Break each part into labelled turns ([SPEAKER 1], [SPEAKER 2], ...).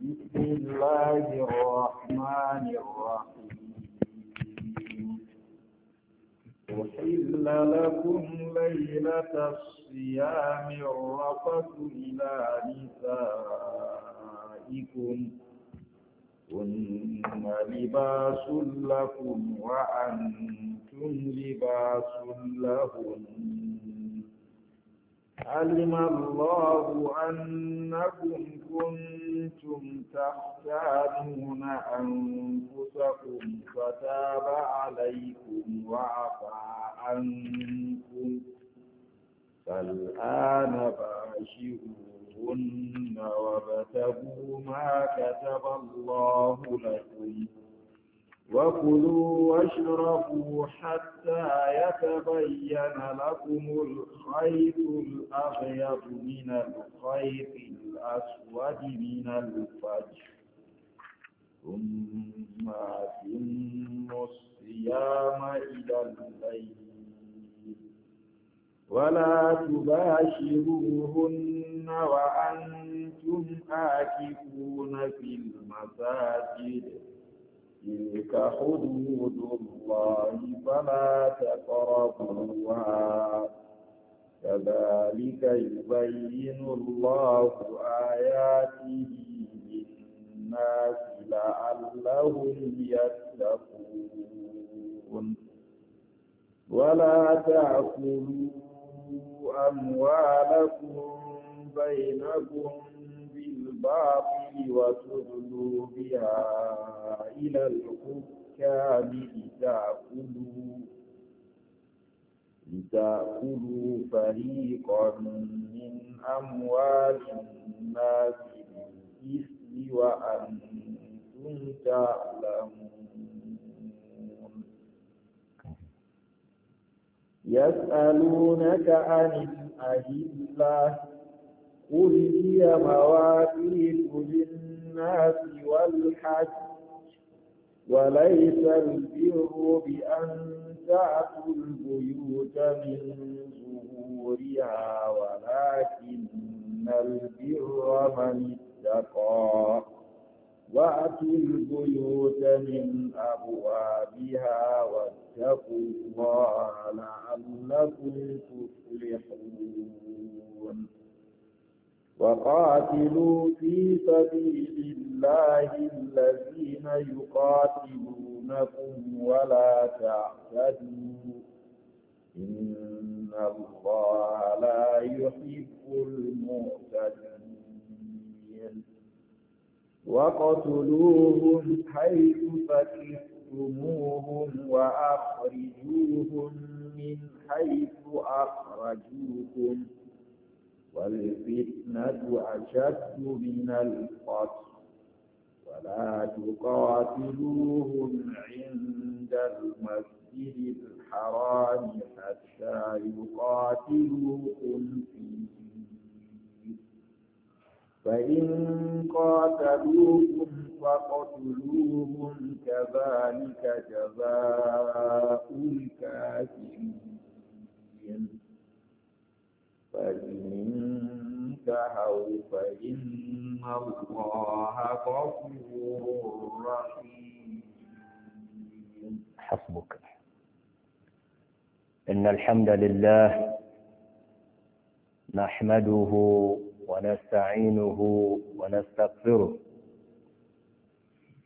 [SPEAKER 1] بسم الله الرحمن الرحيم أحل لكم ليلة الصيام الرفث إلى نسائكم هن لباس لكم وأنتم لباس لهم علم الله أنكم كنتم تحتاجون أنفسكم فتاب عليكم وعفى عنكم فالآن باشروهن وابتغوا ما كتب الله لكم وكلوا واشربوا حتى يتبين لكم الخيط الأبيض من الخيط الأسود من الفجر ثم أتموا الصيام إلى الليل ولا تباشروهن وأنتم آكفون في المساجد تلك حدود الله فلا تقربوها كذلك يبين الله آياته للناس لعلهم يتقون ولا تأكلوا أموالكم بينكم بالباطل وتدلوبها إلى الحكام لتأكلوا لتأكلوا فريقا من أموال الناس بالإثم وأنتم تعلمون يسألونك عن الأهلة قل هي مواقيت للناس والحج وليس البر بأن تأتوا البيوت من ظهورها ولكن البر من اتقى وأتوا البيوت من أبوابها واتقوا الله لعلكم تفلحون وقاتلوا في سبيل الله الذين يقاتلونكم ولا تعتدوا إن الله لا يحب المعتدين وقتلوهم حيث فكفتموهم وأخرجوهم من حيث أخرجوكم ۖ والفتنة أشد من القتل ولا تقاتلوهم عند المسجد الحرام حتى يقاتلوكم فيه فإن قاتلوكم فاقتلوهم كذلك جزاء الكافرين فإن هو فإن الله غفور رحيم حسبك
[SPEAKER 2] إن الحمد لله نحمده ونستعينه ونستغفره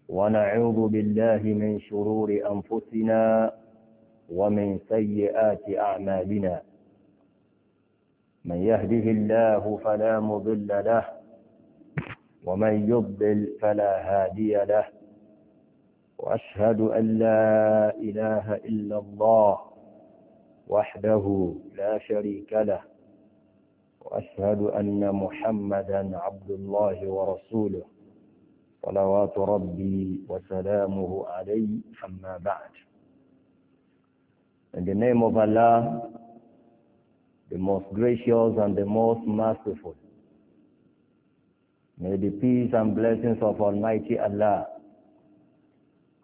[SPEAKER 2] ونعوذ بالله من شرور أنفسنا ومن سيئات أعمالنا من يهده الله فلا مضل له ومن يضل فلا هادي له وأشهد أن لا إله إلا الله وحده لا شريك له وأشهد أن محمدا عبد الله ورسوله صلوات ربي وسلامه عليه أما بعد In the name of Allah the most gracious and the most merciful. May the peace and blessings of Almighty Allah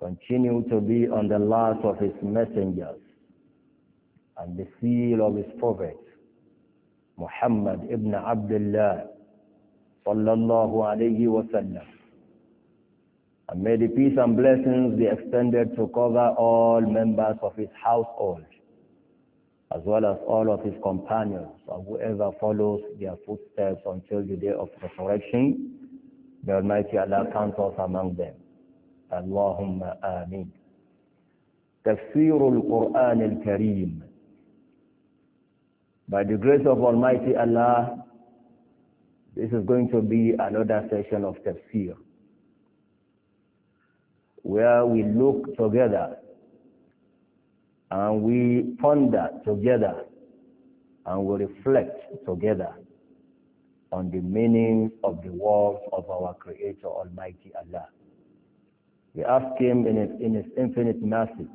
[SPEAKER 2] continue to be on the last of His messengers and the seal of His prophet, Muhammad ibn Abdullah sallallahu alayhi wa sallam. And may the peace and blessings be extended to cover all members of His household as well as all of his companions, or whoever follows their footsteps until the day of resurrection. The Almighty Allah counts us among them. Allahumma ameen. quran al الكريم By the grace of Almighty Allah, this is going to be another session of tafsir, where we look together and we ponder together and we reflect together on the meaning of the words of our Creator Almighty Allah. We ask Him in His, in his infinite mercy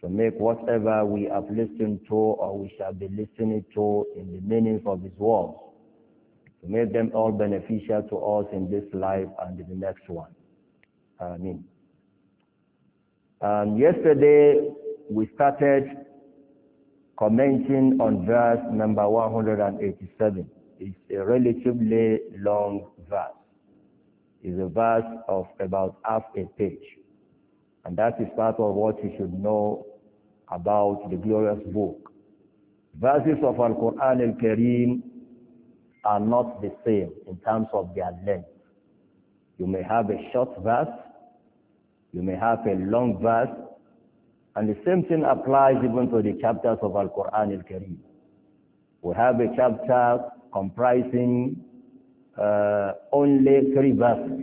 [SPEAKER 2] to make whatever we have listened to or we shall be listening to in the meaning of His words, to make them all beneficial to us in this life and in the next one. Amen. And yesterday we started commenting on verse number 187. It's a relatively long verse. It's a verse of about half a page. And that is part of what you should know about the glorious book. Verses of Al-Quran al-Kareem are not the same in terms of their length. You may have a short verse, you may have a long verse, and the same thing applies even to the chapters of Al-Quran al-Karim. We have a chapter comprising uh, only three verses.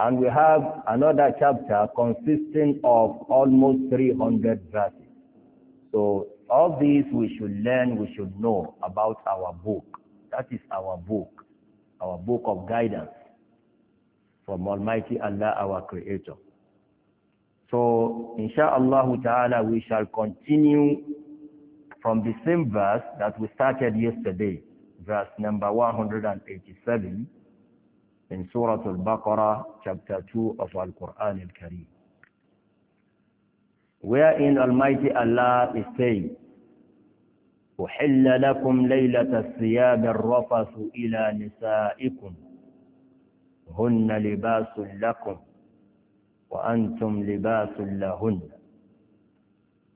[SPEAKER 2] And we have another chapter consisting of almost 300 verses. So all these we should learn, we should know about our book. That is our book, our book of guidance from Almighty Allah, our Creator. So, insha'Allah ta'ala, we shall continue from the same verse that we started yesterday, verse number 187 in Surah Al-Baqarah, chapter 2 of Al-Quran Al-Kareem. Wherein Almighty Allah is saying, أحل لكم ليلة الصيام الرفث إلى نسائكم هن لباس لكم وأنتم لباس لهن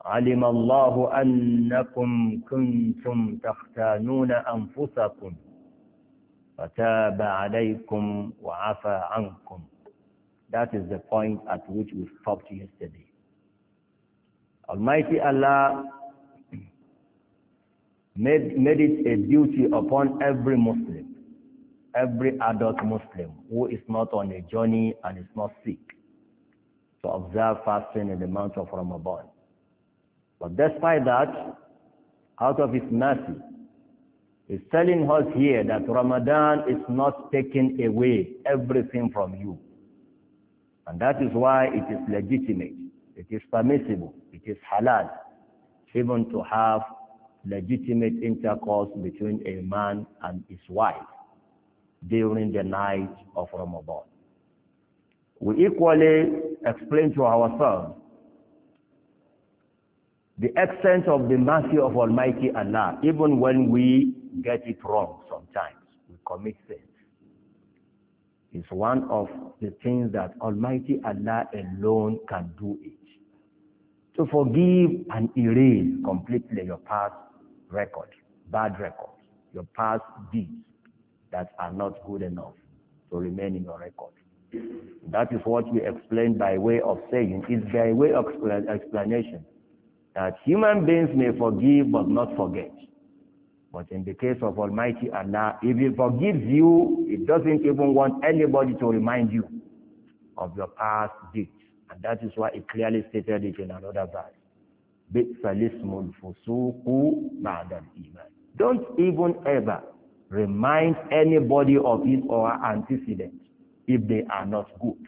[SPEAKER 2] علم الله أنكم كنتم تختانون أنفسكم فتاب عليكم وعفى عنكم That is the point at which we stopped yesterday. Almighty Allah made, made it a duty upon every Muslim, every adult Muslim who is not on a journey and is not sick, to observe fasting in the month of Ramadan. But despite that, out of his mercy, he's telling us here that Ramadan is not taking away everything from you. And that is why it is legitimate, it is permissible, it is halal, even to have legitimate intercourse between a man and his wife during the night of Ramadan we equally explain to ourselves the extent of the mercy of Almighty Allah, even when we get it wrong sometimes, we commit sins. It's one of the things that Almighty Allah alone can do it. To forgive and erase completely your past record, bad record, your past deeds that are not good enough to remain in your record. That is what we explain by way of saying. It's by way of explanation that human beings may forgive but not forget. But in the case of Almighty Allah, if He forgives you, He doesn't even want anybody to remind you of your past deeds. And that is why He clearly stated it in another verse. Don't even ever remind anybody of his or her antecedents if they are not good.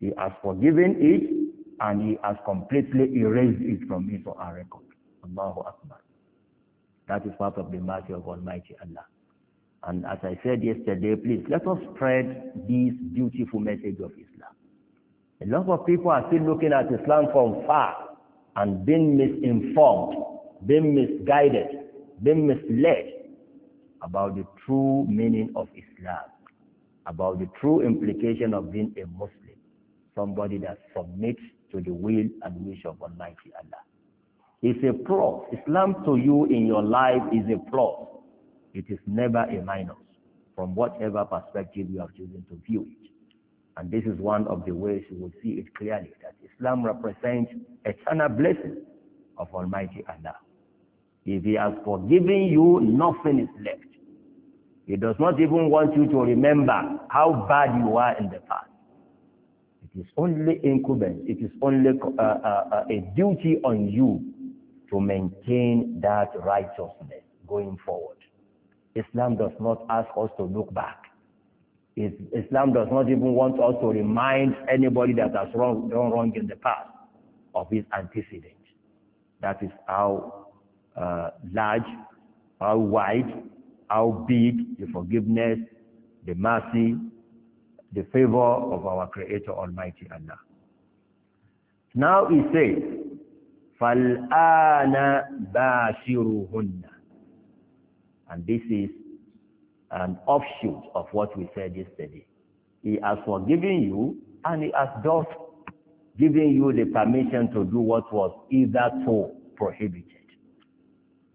[SPEAKER 2] He has forgiven it and he has completely erased it from his or our record. Allahu Akbar. That is part of the mercy of Almighty Allah. And as I said yesterday, please let us spread this beautiful message of Islam. A lot of people are still looking at Islam from far and being misinformed, being misguided, being misled about the true meaning of Islam about the true implication of being a Muslim, somebody that submits to the will and wish of Almighty Allah. It's a plus. Islam to you in your life is a plus. It is never a minus from whatever perspective you have chosen to view it. And this is one of the ways you will see it clearly that Islam represents eternal blessing of Almighty Allah. If He has forgiven you, nothing is left. It does not even want you to remember how bad you were in the past. It is only incumbent, it is only uh, uh, uh a duty on you to maintain that righteousness going forward. Islam does not ask us to look back. Islam does not even want us to remind anybody that has wrong, done wrong in the past of his antecedent. That is how uh, large, how wide, how big the forgiveness, the mercy, the favor of our Creator Almighty Allah. Now he says, فَالْآنَ بَاشِرُهُنَّ And this is an offshoot of what we said yesterday. He has forgiven you and he has thus given you the permission to do what was hitherto prohibited.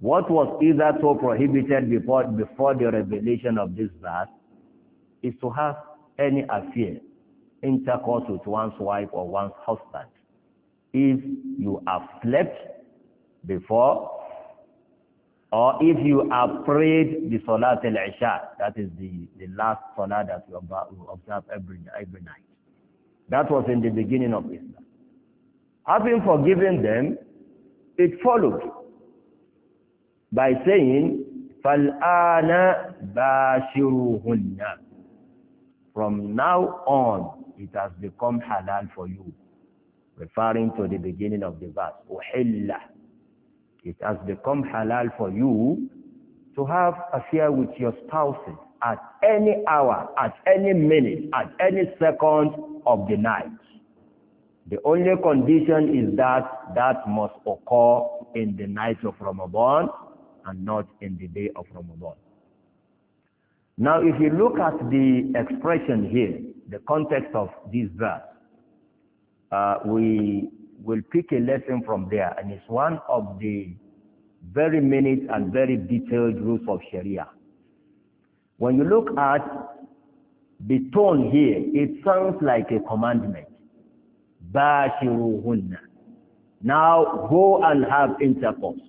[SPEAKER 2] What was either so prohibited before, before the revelation of this verse is to have any affair, intercourse with one's wife or one's husband. If you have slept before, or if you have prayed the Salat al-Isha, that is the, the last Salah that you observe every, every night. That was in the beginning of Islam. Having forgiven them, it followed by saying fal'ana bashiruhunna from now on it has become halal for you referring to the beginning of the verse uhilla it has become halal for you to have affair with your spouses at any hour at any minute at any second of the night the only condition is that that must occur in the night of Ramadan and not in the day of Ramadan. Now, if you look at the expression here, the context of this verse, uh, we will pick a lesson from there, and it's one of the very minute and very detailed rules of Sharia. When you look at the tone here, it sounds like a commandment. Now go and have intercourse.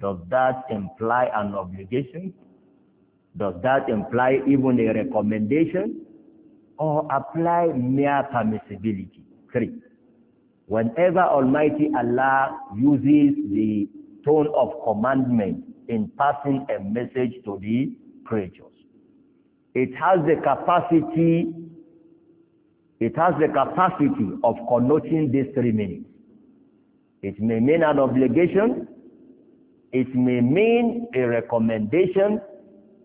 [SPEAKER 2] Does that imply an obligation? Does that imply even a recommendation? Or apply mere permissibility? Three. Whenever Almighty Allah uses the tone of commandment in passing a message to the creatures, it has the capacity, it has the capacity of connoting these three meanings. It may mean an obligation, it may mean a recommendation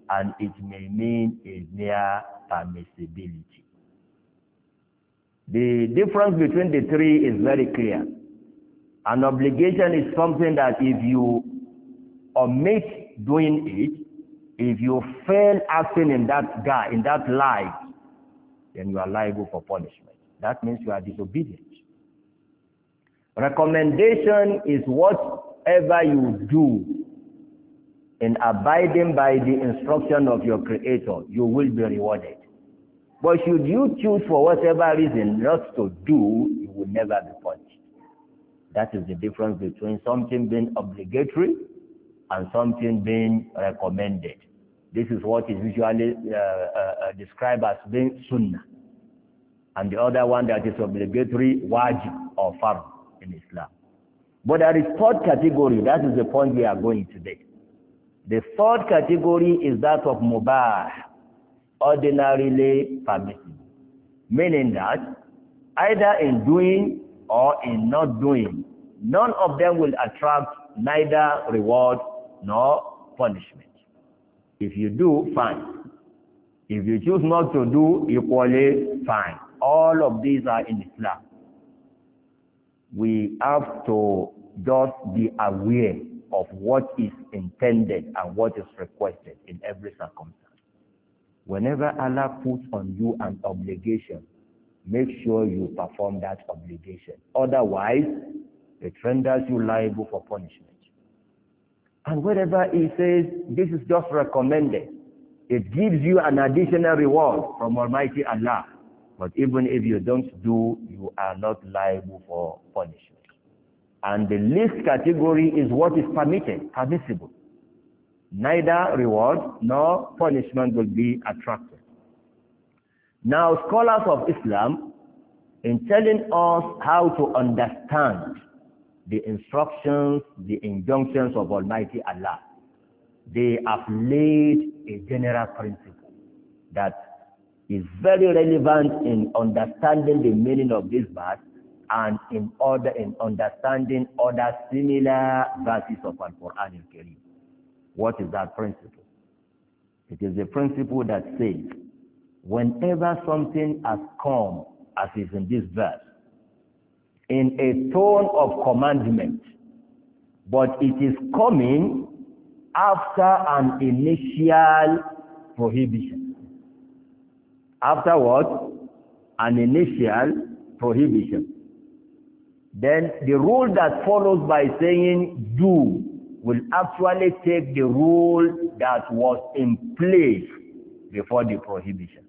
[SPEAKER 2] and it may mean a mere permissibility. The difference between the three is very clear. An obligation is something that if you omit doing it, if you fail acting in that guy, in that life, then you are liable for punishment. That means you are disobedient. Recommendation is what whatever you do in abiding by the instruction of your creator, you will be rewarded. But should you choose for whatever reason not to do, you will never be punished. That is the difference between something being obligatory and something being recommended. This is what is usually uh, uh, uh described as being sunnah. And the other one that is obligatory, wajib or farm in Islam. But there is third category, that is the point we are going today. The third category is that of mubah, ordinarily permissible. Meaning that either in doing or in not doing, none of them will attract neither reward nor punishment. If you do, fine. If you choose not to do, equally fine. All of these are in Islam we have to just be aware of what is intended and what is requested in every circumstance. Whenever Allah puts on you an obligation, make sure you perform that obligation. Otherwise, it renders you liable for punishment. And whatever He says, this is just recommended, it gives you an additional reward from Almighty Allah. But even if you don't do, you are not liable for punishment. And the least category is what is permitted, permissible. Neither reward nor punishment will be attracted. Now, scholars of Islam, in telling us how to understand the instructions, the injunctions of Almighty Allah, they have laid a general principle that is very relevant in understanding the meaning of this verse and in order in understanding other similar verses of Al Quran in Kareem. What is that principle? It is the principle that says whenever something has come, as is in this verse, in a tone of commandment, but it is coming after an initial prohibition. After what? An initial prohibition. Then the rule that follows by saying do will actually take the rule that was in place before the prohibition.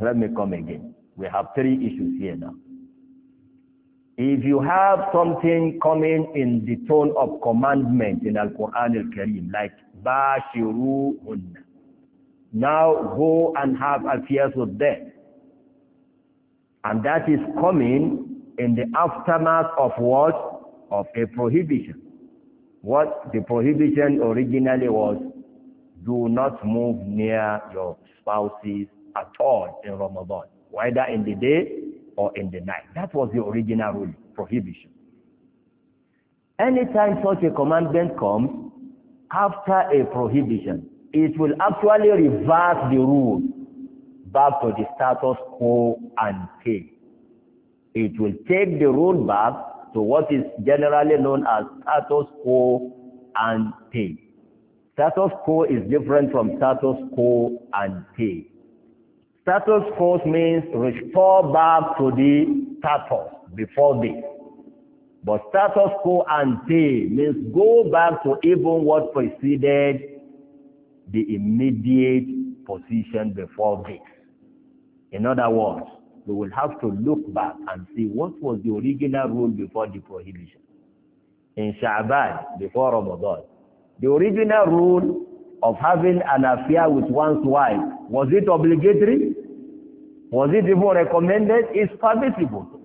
[SPEAKER 2] Let me come again. We have three issues here now. If you have something coming in the tone of commandment in Al-Quran Al-Karim, like Bashiru Hunna, now go and have affairs with them. And that is coming in the aftermath of what? Of a prohibition. What the prohibition originally was, do not move near your spouses at all in Ramadan, whether in the day or in the night. That was the original rule, prohibition. Anytime such a commandment comes, after a prohibition, it will actually reverse the rule back to the status quo ante. It will take the rule back to what is generally known as status quo ante. Status quo is different from status quo ante. Status quo means restore back to the status before this. But status quo ante means go back to even what preceded the immediate position before this. In other words, we will have to look back and see what was the original rule before the prohibition. In Sha'ban, before Ramadan, the original rule of having an affair with one's wife, was it obligatory? Was it even recommended? It's permissible.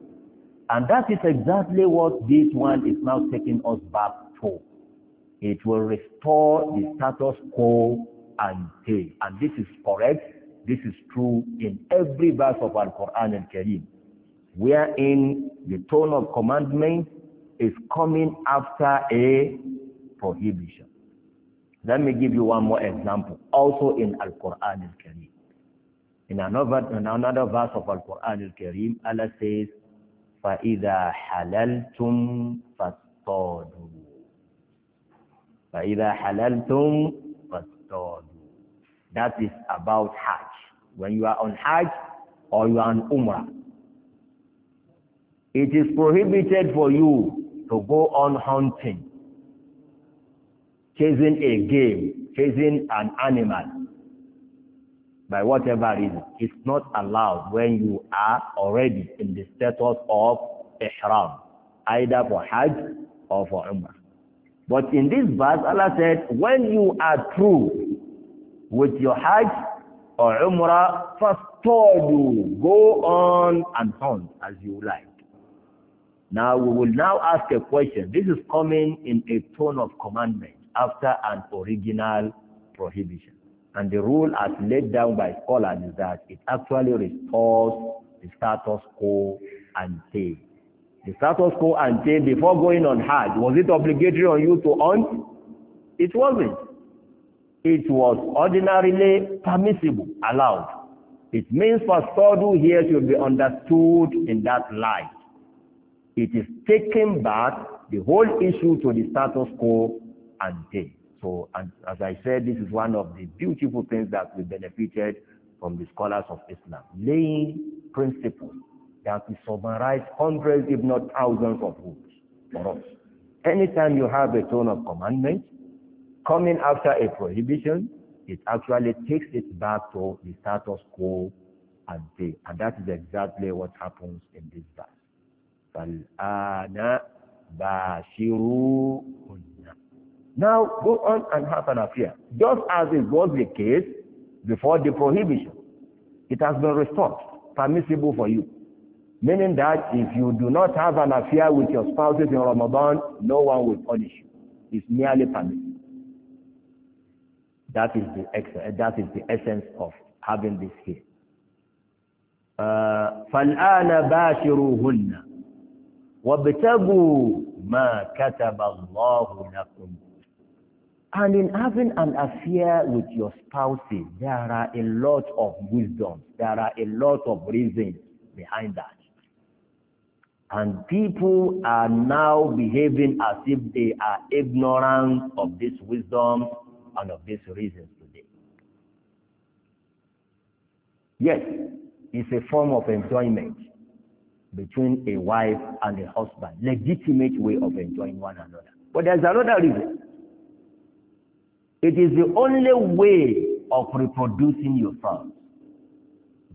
[SPEAKER 2] And that is exactly what this one is now taking us back to. It will restore the status quo ante. And this is correct. This is true in every verse of Al-Quran and karim wherein the tone of commandment is coming after a prohibition. Let me give you one more example, also in Al-Quran and karim In another, in another verse of Al-Quran al-Karim, Allah says, فَإِذَا حَلَلْتُمْ فَاسْتَوْدُوا فإذا حللتم فاصطادوا That is about Hajj. When you are on Hajj or you are on Umrah, it is prohibited for you to go on hunting, chasing a game, chasing an animal, by whatever reason. It's not allowed when you are already in the status of Ihram, either for Hajj or for Umrah. But in this verse, Allah said, when you are true with your Hajj or Umrah, first you go on and on as you like. Now we will now ask a question. This is coming in a tone of commandment after an original prohibition. And the rule as laid down by scholars is that it actually restores the status quo and ante The status quo ante before going on Hajj, was it obligatory on you to hunt? It wasn't. It was ordinarily permissible, allowed. It means for fasadu here to be understood in that light. It is taking back the whole issue to the status quo ante. So, and as I said, this is one of the beautiful things that we benefited from the scholars of Islam, laying principles that will summarize hundreds, if not thousands of rules for us. Anytime you have a tone of commandment, coming after a prohibition, it actually takes it back to the status quo at day. And that is exactly what happens in this verse. Now go on and have an affair. Just as it was the case before the prohibition, it has been restored, permissible for you. Meaning that if you do not have an affair with your spouses in Ramadan, no one will punish you. It's merely permitted. That is the, uh, that is the essence of having this here. Uh, فَالْآنَ بَاشِرُوهُنَّ وَابْتَغُوا مَا كَتَبَ اللَّهُ لَكُمْ And in having an affair with your spouses, there are a lot of wisdom, there are a lot of reasons behind that. And people are now behaving as if they are ignorant of this wisdom and of these reasons today. Yes, it's a form of enjoyment between a wife and a husband, legitimate way of enjoying one another. But there's another reason. It is the only way of reproducing yourself.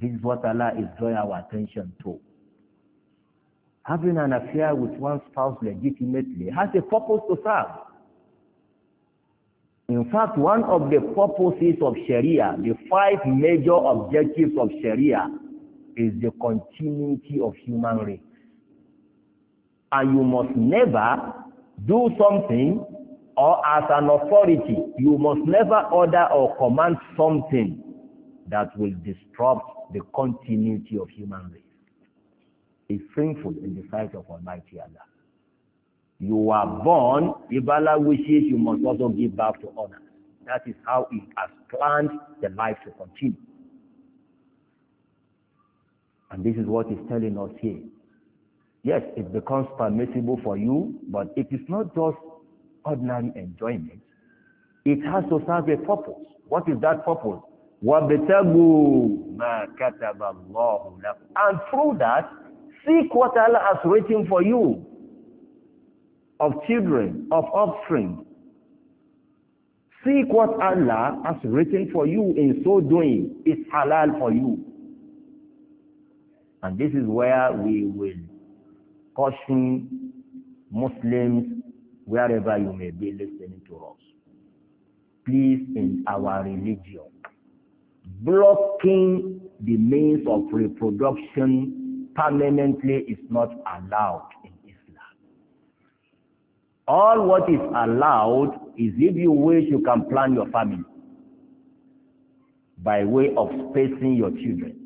[SPEAKER 2] This is what Allah is drawing our attention to. Having an affair with one's spouse legitimately has a purpose to serve. In fact, one of the purposes of Sharia, the five major objectives of Sharia, is the continuity of human race. And you must never do something or as an authority, you must never order or command something that will disrupt the continuity of human race is sinful in the sight of Almighty Allah. You are born, if Allah wishes, you must also give back to honor. That is how He has planned the life to continue. And this is what He's telling us here. Yes, it becomes permissible for you, but it is not just ordinary enjoyment. It has to serve a purpose. What is that purpose?
[SPEAKER 1] وَابْتَغُوا
[SPEAKER 2] مَا كَتَبَ اللَّهُ لَكُمْ And through that, Seek what Allah has written for you
[SPEAKER 1] of children, of offspring.
[SPEAKER 2] Seek what Allah has written for you in so doing is halal for you. And this is where we will caution Muslims wherever you may be listening to us. Please, in our religion, blocking the means of reproduction permanently is not allowed in Islam. All what is allowed is if you wish you can plan your family by way of spacing your children.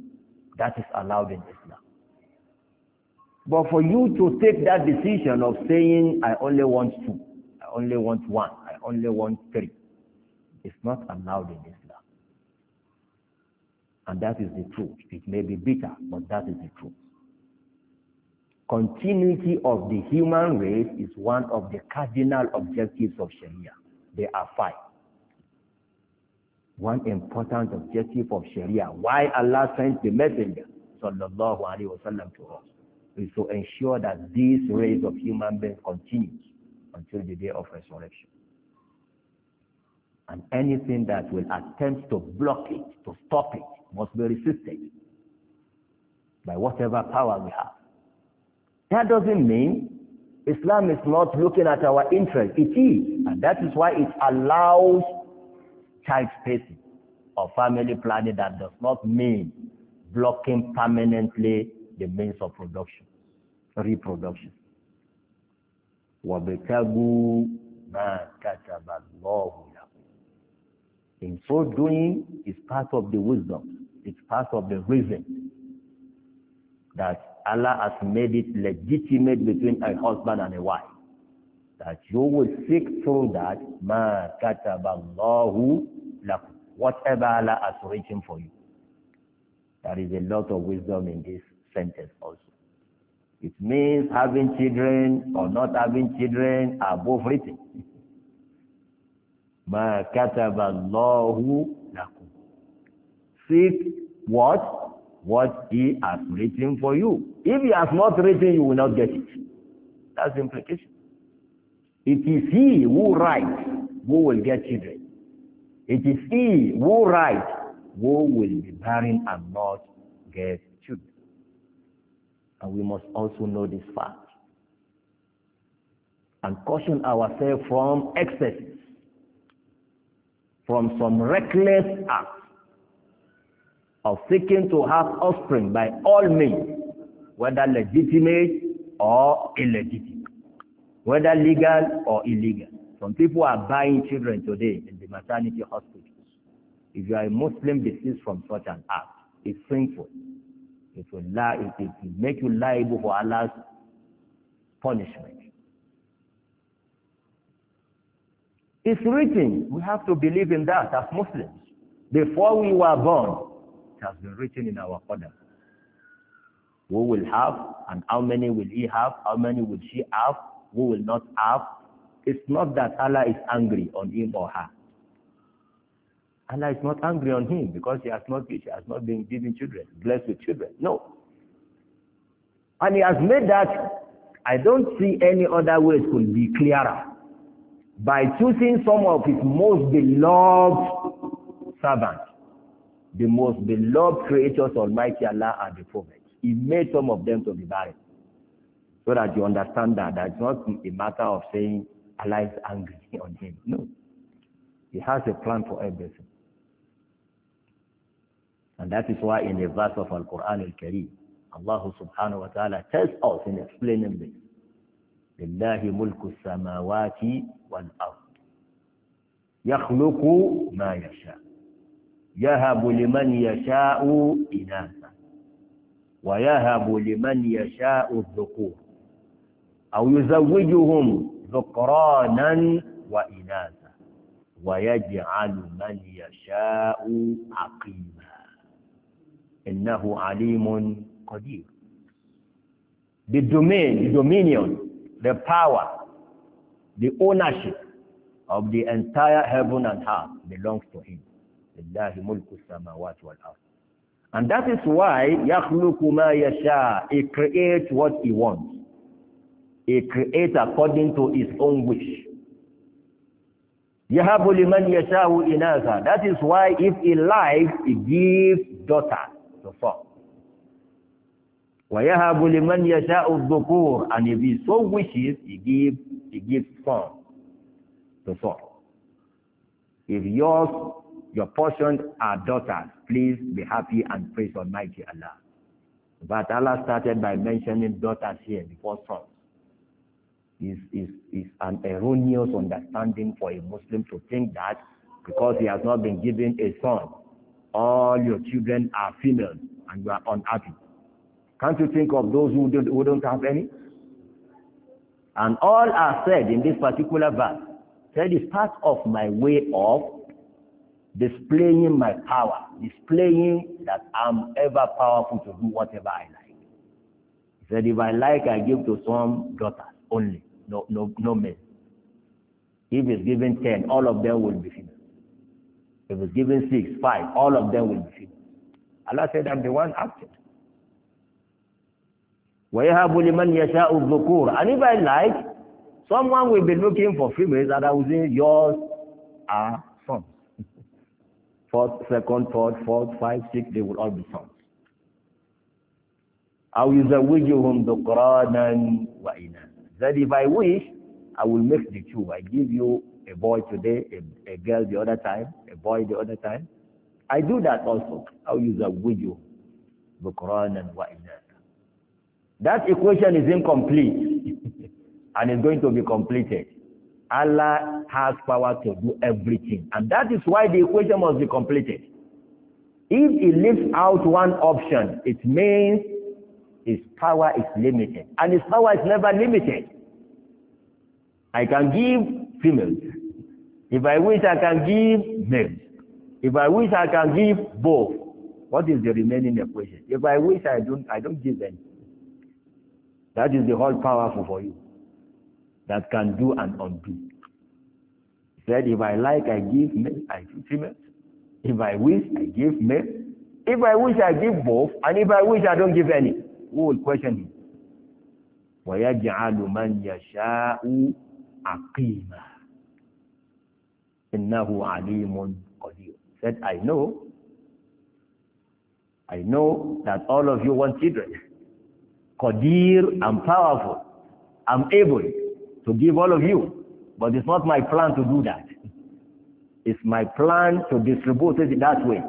[SPEAKER 2] That is allowed in Islam. But for you to take that decision of saying, I only want two, I only want one, I only want three, it's not allowed in Islam. And that is the truth. It may be bitter, but that is the truth continuity of the human race is one of the cardinal objectives of Sharia. There are five. One important objective of Sharia, why Allah sent the messenger, sallallahu alaihi wasallam, to us, is to ensure that this race of human beings continues until the day of resurrection. And anything that will attempt to block it, to stop it, must be resisted by whatever power we have. That doesn't mean Islam is not looking at our interest. It is. And that is why it allows child spacing or family planning that does not mean blocking permanently the means of production, reproduction. In so doing, it's part of the wisdom. It's part of the reason that Allah has made it legitimate between a husband and a wife. That you will seek through that, ma kataballahu lakum. Whatever Allah has written for you. There is a lot of wisdom in this sentence also. It means having children or not having children are both written. ma kataballahu lakum. Seek what? what he has written for you. If he has not written, you will not get it. That's the implication. It is he who writes who will get children. It is he who writes who will be barren and not get children. And we must also know this fact and caution ourselves from excesses, from some reckless acts of seeking to have offspring by all means, whether legitimate or illegitimate, whether legal or illegal. Some people are buying children today in the maternity hospitals. If you are a Muslim deceased from such an act, it's sinful. It will, it will make you liable for Allah's punishment. It's written. We have to believe in that as Muslims. Before we were born, has been written in our qadar. Who will have and how many will he have? How many will she have? Who will not have? It's not that Allah is angry on him or her. Allah is not angry on him because he has not she has not been given children, blessed with children. No. And he has made that I don't see any other way it could be clearer. By
[SPEAKER 1] choosing some of his most beloved
[SPEAKER 2] servants the most beloved creators Almighty Allah are the prophets. He made some of them to be barren. So that you understand that that's not a matter of saying Allah is angry on him. No. He has a plan for everything. And that is why in the verse of Al-Quran Al-Kareem, Allah subhanahu wa ta'ala tells us in explaining this, لله ملك السماوات والأرض يخلق ما يشاء يهب لمن يشاء إناثا ويهب لمن يشاء الذكور أو يزوجهم ذكرانا وإناثا ويجعل من يشاء عقيما إنه عليم قدير The domain, the dominion, the power, the ownership of the entire heaven and earth belongs to him. And that is why yakhluqu ma He creates what he wants. He creates according to his own wish. Yahabu liman yasha'u inatha. That is why if he likes, he gives daughter to far Wa yahabu liman yasha'u dhukur. And if he so wishes, he gives, he gives son to far If yours Your portion are daughters. Please be happy and praise Almighty Allah. But Allah started by mentioning daughters here before sons. Is is is an erroneous understanding for a Muslim to think that because he has not been given a son, all your children are females and you are unhappy. Can't you think of those who don't, who don't have any? And all are said in this particular verse. Said is part of my way of displaying my power, displaying that I'm ever powerful to do whatever I like. He said, if I like, I give to some daughters only, no, no, no men. If it's given 10, all of them will be female. If it's given 6, 5, all of them will be female. Allah said, I'm the one acted. وَيَهَبُ لِمَنْ يَشَاءُ الذُّكُورَ And if I like, someone will be looking for females that I will say, yours are sons. fourth, second, third, fourth, five, six, they will all be sons. I will زَوِّجُهُمْ ذُقْرَانًا وَإِنَانًا That if I wish, I will make the two. I give you a boy today, a, a girl the other time, a boy the other time. I do that also. I will and ذُقْرَانًا وَإِنَانًا That equation is incomplete and it's going to be completed. Allah has power to do everything. And that is why the equation must be completed. If he leaves out one option, it means his power is limited. And his power is never limited. I can give females. If I wish, I can give males. If I wish, I can give both. What is the remaining equation? If I wish, I don't, I don't give them. That is the whole powerful for you. that can do and undo. He said, if I like, I give male, I give female. If I wish, I give male. If I wish, I give both. And if I wish, I don't give any. Who will question him? وَيَجْعَلُ مَنْ يَشَاءُ عَقِيمًا إِنَّهُ عَلِيمٌ قَدِيرٌ Said, I know. I know that all of you want children. Qadir, I'm powerful. I'm able to give all of you, but it's not my plan to do that. It's my plan to distribute it that way.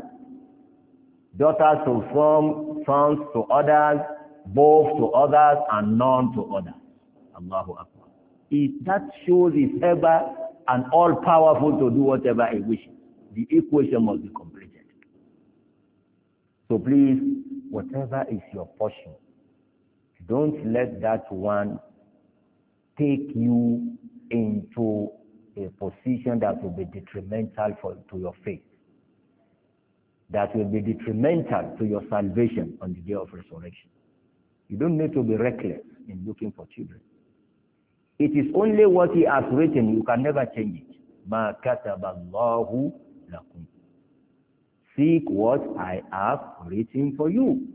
[SPEAKER 2] Daughters to some, sons to others, both to others, and none to others. Allahu Akbar. that shows is ever and all powerful to do whatever it wishes. The equation must be completed. So please, whatever is your portion, don't let that one take you into a position that will be detrimental for, to your faith, that will be detrimental to your salvation on the day of resurrection. You don't need to be reckless in looking for children. It is only what he has written, you can never change it. مَا كَتَبَ اللَّهُ لَكُمْ Seek what I have written for you.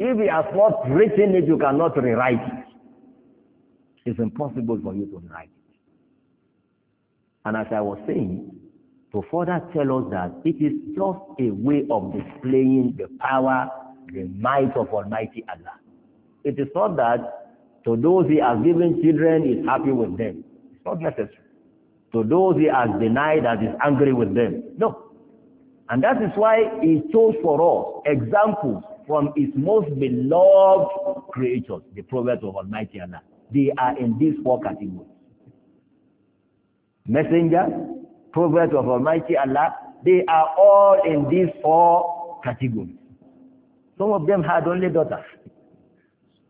[SPEAKER 2] If he has not written it, you cannot rewrite it. It's impossible for you to deny it. And as I was saying, to further tell us that it is just a way of displaying the power, the might of Almighty Allah. It is not that to those he has given children, is happy with them. It's not necessary. To those he has denied that is angry with them. No. And that is why he chose for us examples from his most beloved creatures, the prophets of Almighty Allah. They are in these four categories. Messenger, prophets of Almighty Allah, they are all in these four categories. Some of them had only daughters.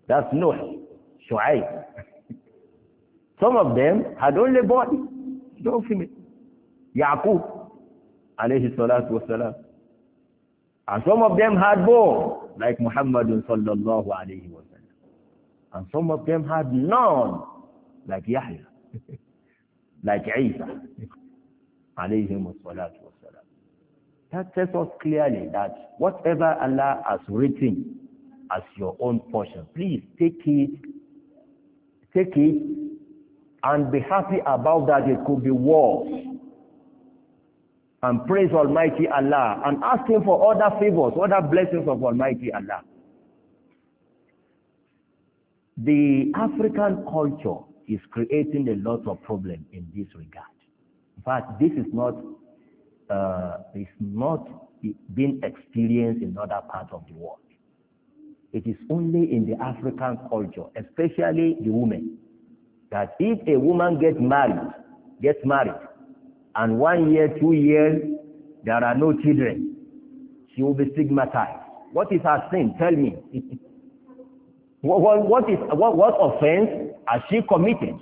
[SPEAKER 2] That's Noah, Shu'aib. Some of them had only body, no female. Yaqub, alayhi salatu wasalam. And some of them had bone, like Muhammad sallallahu alayhi wa and some of them had none, like Yahya, like Isa, alayhim salatu wasalam. That tells us clearly that whatever Allah has written as your own portion, please take it, take it, and be happy about that it could be worse. And praise Almighty Allah and ask Him for other favors, other blessings of Almighty Allah the African culture is creating a lot of problem in this regard. In fact, this is not uh, is not being experienced in other parts of the world. It is only in the African culture, especially the women, that if a woman gets married, gets married, and one year, two years, there are no children, she will be stigmatized. What is her sin? Tell me. What, what, is, what, what offense has she committed?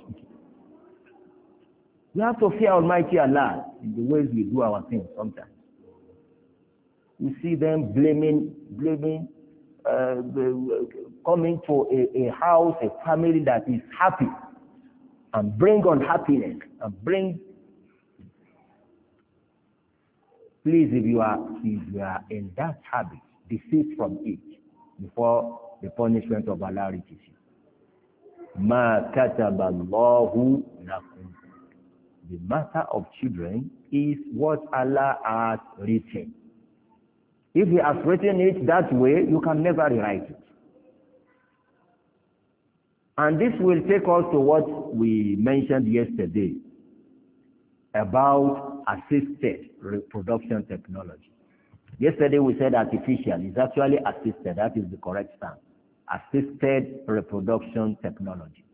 [SPEAKER 2] We have to fear Almighty Allah in the ways we do our things sometimes. We see them blaming, blaming, uh, coming to a, a house, a family that is happy and bring unhappiness and bring. Please, if you are, if you are in that habit, desist from it before the punishment of Allah reaches you. Ma kataballahu lakum. The matter of children is what Allah has written. If He has written it that way, you can never rewrite it. And this will take us to what we mentioned yesterday about assisted reproduction technology. Yesterday we said artificial is actually assisted, that is the correct term assisted reproduction technology.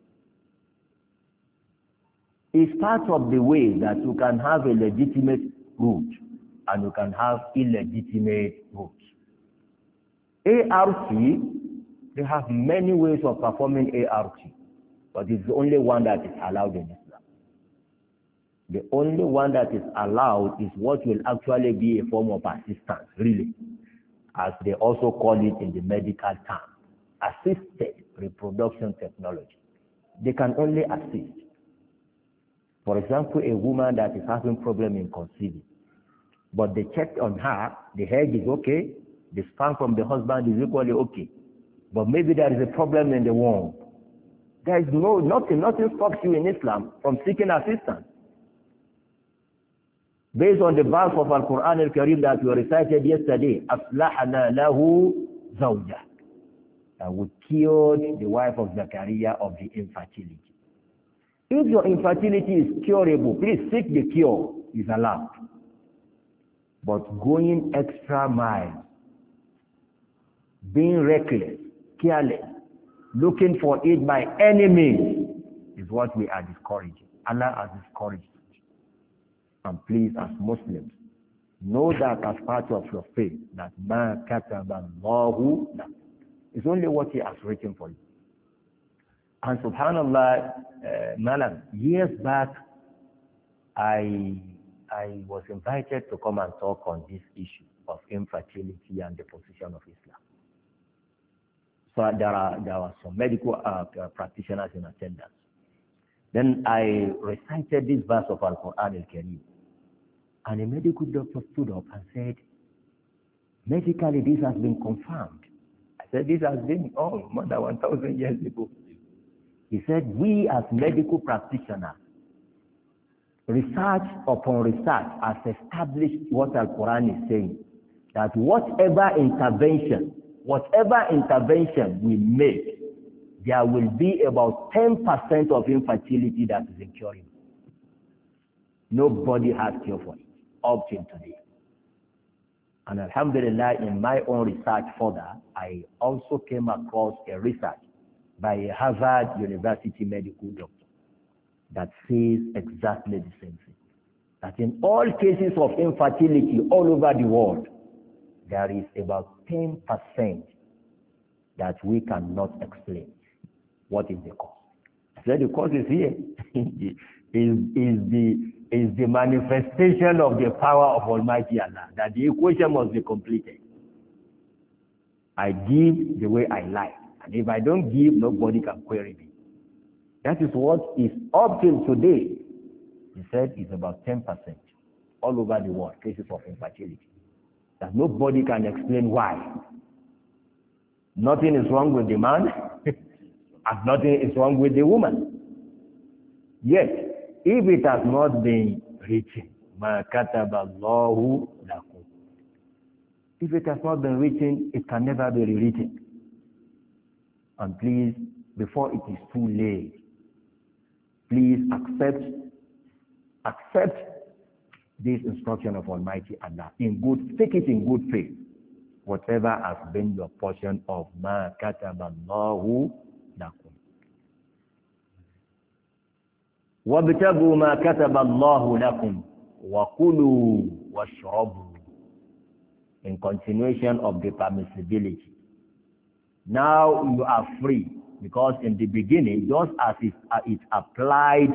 [SPEAKER 2] It's part of the way that you can have a legitimate root and you can have illegitimate roots. ART, they have many ways of performing ART, but it's the only one that is allowed in Islam. The only one that is allowed is what will actually be a form of assistance, really, as they also call it in the medical term assisted reproduction technology. They can only assist. For example, a woman that is having problem in conceiving, but they checked on her, the head is okay, the sperm from the husband is equally okay, but maybe there is a problem in the womb. There is no nothing, nothing stops you in Islam from seeking assistance. Based on the verse of Al-Quran Al-Karim that we recited yesterday, أَفْلَحَنَا لَهُ زَوْجَةً uh, we cured the wife of Zachariah of the infertility. If your infertility is curable, please seek the cure, is allowed. But going extra mile, being reckless, careless, looking for it by any means is what we are discouraging. Allah has discouraged it. And please, as Muslims, know that as part of your faith, that ma kataba Allahu it's only what he has written for you. And subhanallah, uh, Malam, years back, I, I was invited to come and talk on this issue of infertility and the position of Islam. So there, are, there were some medical uh, practitioners in attendance. Then I recited this verse of Al-Quran al-Karim. And a medical doctor stood up and said, medically this has been confirmed said, This has been all more than 1,000 years ago. He said, We as medical practitioners, research upon research has established what Al Quran is saying that whatever intervention, whatever intervention we make, there will be about 10% of infertility that is incurable. Nobody has cure for it up till today. And Alhamdulillah, in my own research further, I also came across a research by a Harvard University medical doctor that says exactly the same thing. That in all cases of infertility all over the world, there is about 10% that we cannot explain. What is the cause? So the cause is here. is, is the is the manifestation of the power of Almighty Allah, that the equation must be completed. I give the way I like. And if I don't give, nobody can query me. That is what is up till today. He said it's about 10% all over the world, cases of infertility. That nobody can explain why. Nothing is wrong with the man, and nothing is wrong with the woman. Yet, if it has not been written, If it has not been written, it can never be rewritten. And please, before it is too late, please accept accept this instruction of Almighty Allah in good take it in good faith. Whatever has been your portion of ma kataballahu lakum. wabtagu ma kataba Allahu lakum wa kulu washrabu in continuation of the permissibility. Now you are free because in the beginning, just as it, uh, it applied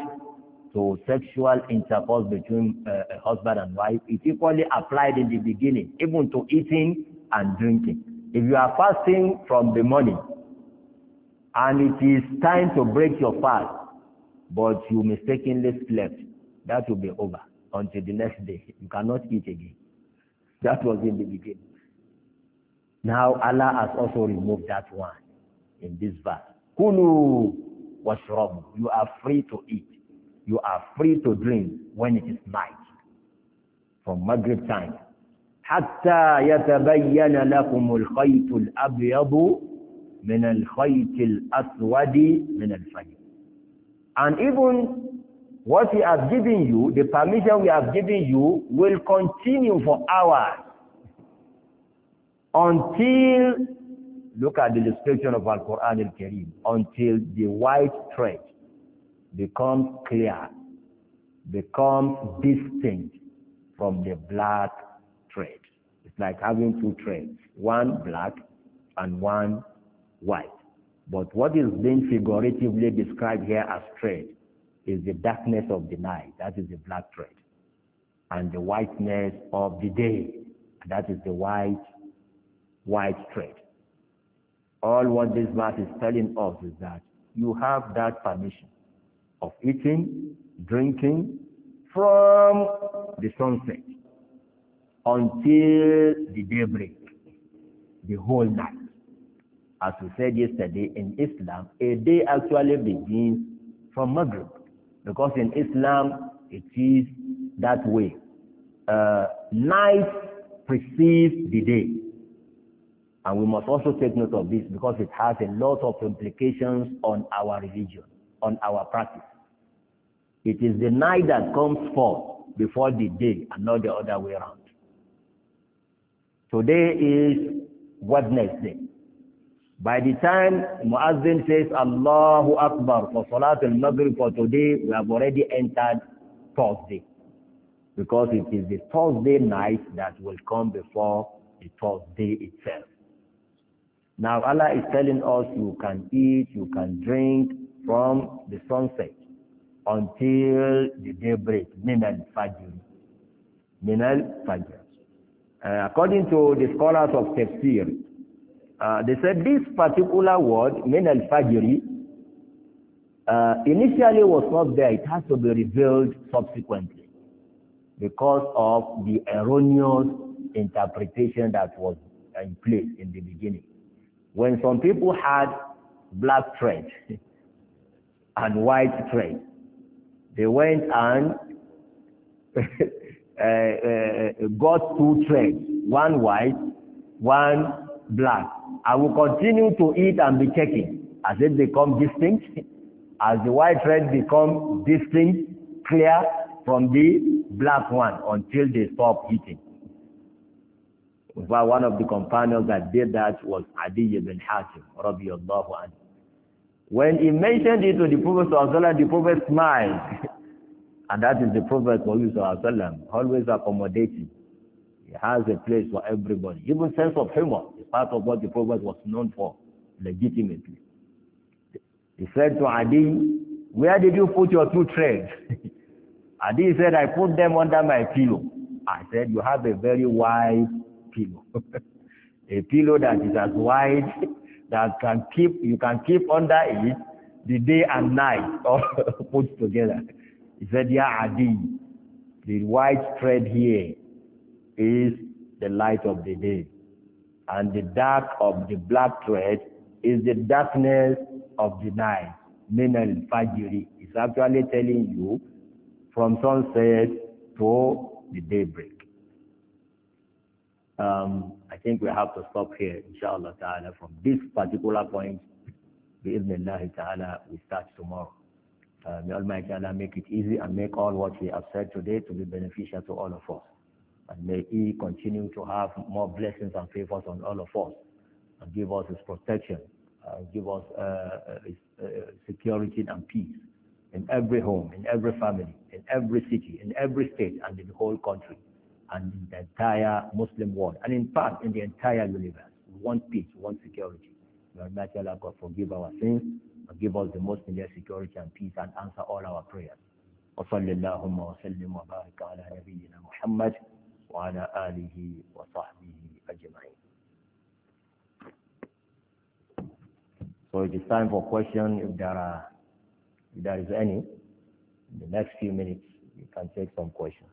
[SPEAKER 2] to sexual intercourse between uh, husband and wife, it equally applied in the beginning, even to eating and drinking. If you are fasting from the morning and it is time to break your fast, but you mistakenly slept, that will be over until the next day. You cannot eat again. That was in the beginning. Now Allah has also removed that one in this verse.
[SPEAKER 1] Kulu
[SPEAKER 2] wrong? You are free to eat. You are free to drink when it is night. From Maghrib time. Hatta al يتبين لكم الخيط الأبيض من aswadi min al-fajr. And even what he has given you, the permission we have given you, will continue for hours until, look at the description of Al-Quran al-Karim, until the white thread becomes clear, becomes distinct from the black thread. It's like having two threads, one black and one white. But what is being figuratively described here as trade is the darkness of the night, that is the black trade, and the whiteness of the day, that is the white, white trade. All what this verse is telling us is that you have that permission of eating,
[SPEAKER 1] drinking from
[SPEAKER 2] the sunset until the daybreak, the whole night as we said yesterday, in Islam, a day actually begins from Maghrib. Because in Islam, it is that way. Uh, night precedes the day. And we must also take note of this because it has a lot of implications on our religion, on our practice. It is the night that comes forth before the day and not the other way around. Today is Wednesday. By the time Muazzin says Allahu Akbar for Salatul Maghrib for today, we have already entered Thursday. Because it is the Thursday night that will come before the Thursday itself. Now Allah is telling us you can eat, you can drink from the sunset until the daybreak, Minal Fajr. Minal Fajr. Uh, according to the scholars of Tafsir, uh, they said this particular word, min al-fajri, uh, initially was not there. It has to be revealed subsequently because of the erroneous interpretation that was in place in the beginning. When some people had black thread and white thread, they went and uh, uh, uh, got two threads, one white, one black. I will continue to eat and be checking. As it become distinct, as the white thread become distinct, clear from the black one until they stop eating. In fact, one of the companions that did that was Adi ibn Hatim, radiyallahu anhu. When he mentioned it to the Prophet the Prophet smiled. and that is the Prophet always accommodating. He has a place for everybody. Even sense of humor is part of what the Prophet was known for, legitimately. He said to Adi, where did you put your two threads? Adi said, I put them under my pillow. I said, you have a very wide pillow. a pillow that is as wide that can keep you can keep under it the day and night all put together. He said, Yeah, Adi, the white thread here is the light of the day. And the dark of the black thread is the darkness of the night. Minal Fajiri is actually telling you from sunset to the daybreak. Um, I think we have to stop here, inshallah ta'ala, from this particular point. Bi'idhnillahi ta'ala, we start tomorrow. Uh, may Almighty Allah make it easy and make all what we have said today to be beneficial to all of us. And may He continue to have more blessings and favors on all of us and give us His protection, uh, give us uh, uh, his, uh, security and peace in every home, in every family, in every city, in every state, and in the whole country, and in the entire Muslim world, and in fact, in the entire universe. We want peace, we want security. May Allah God forgive our sins and give us the most needed security and peace and answer all our prayers. وصلى اللهم وسلم وبارك على نبينا محمد وعلى آله وصحبه أجمعين. So it is time for questions if there are if there is any. In the next few minutes, you can take some questions.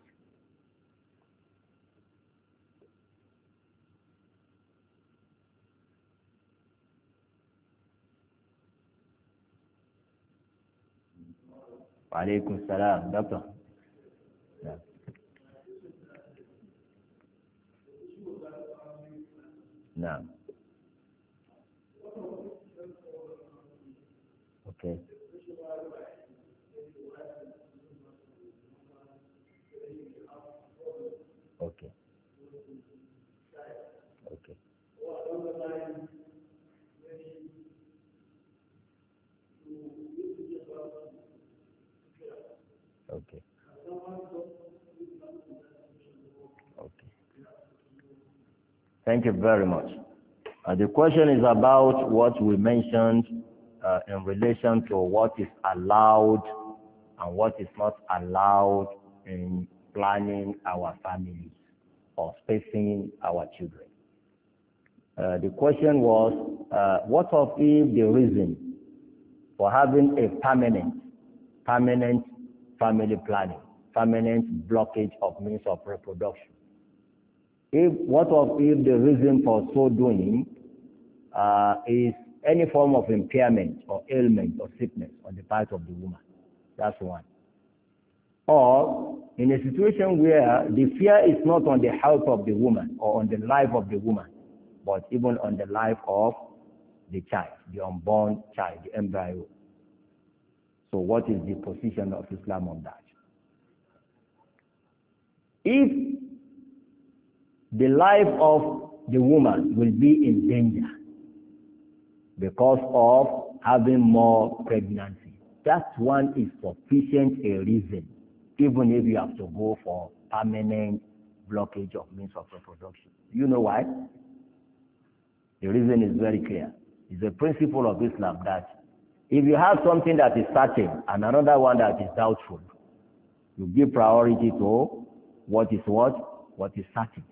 [SPEAKER 2] وعليكم السلام دكتور Now. Okay. Thank you very much. Uh, the question is about what we mentioned uh, in relation to what is allowed and what is not allowed in planning our families or spacing our children. Uh, the question was, uh, what of if the reason for having a permanent, permanent family planning, permanent blockage of means of reproduction if, what of if the reason for so doing uh, is any form of impairment or ailment or sickness on the part of the woman? That's one. Or in a situation where the fear is not on the health of the woman or on the life of the woman, but even on the life of the child, the unborn child, the embryo. So what is the position of Islam on that? If the life of the woman will be in danger because of having more pregnancy. That one is sufficient a reason, even if you have to go for permanent blockage of means of reproduction. You know why? The reason is very clear. It's a principle of Islam that if you have something that is certain and another one that is doubtful, you give priority to what is what? What is certain.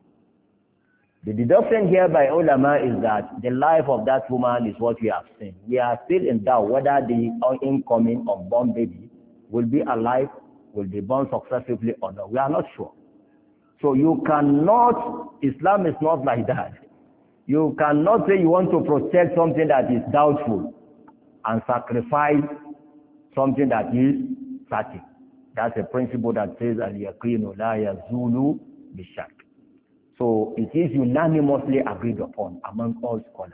[SPEAKER 2] The deduction here by ulama is that the life of that woman is what we have seen. We are still in doubt whether the incoming unborn baby will be alive, will be born successfully or not. We are not sure. So you cannot, Islam is not like that. You cannot say you want to protect something that is doubtful and sacrifice something that is certain. That's a principle that says, al-yaqinu la yazulu bishak. So it is unanimously agreed upon among all scholars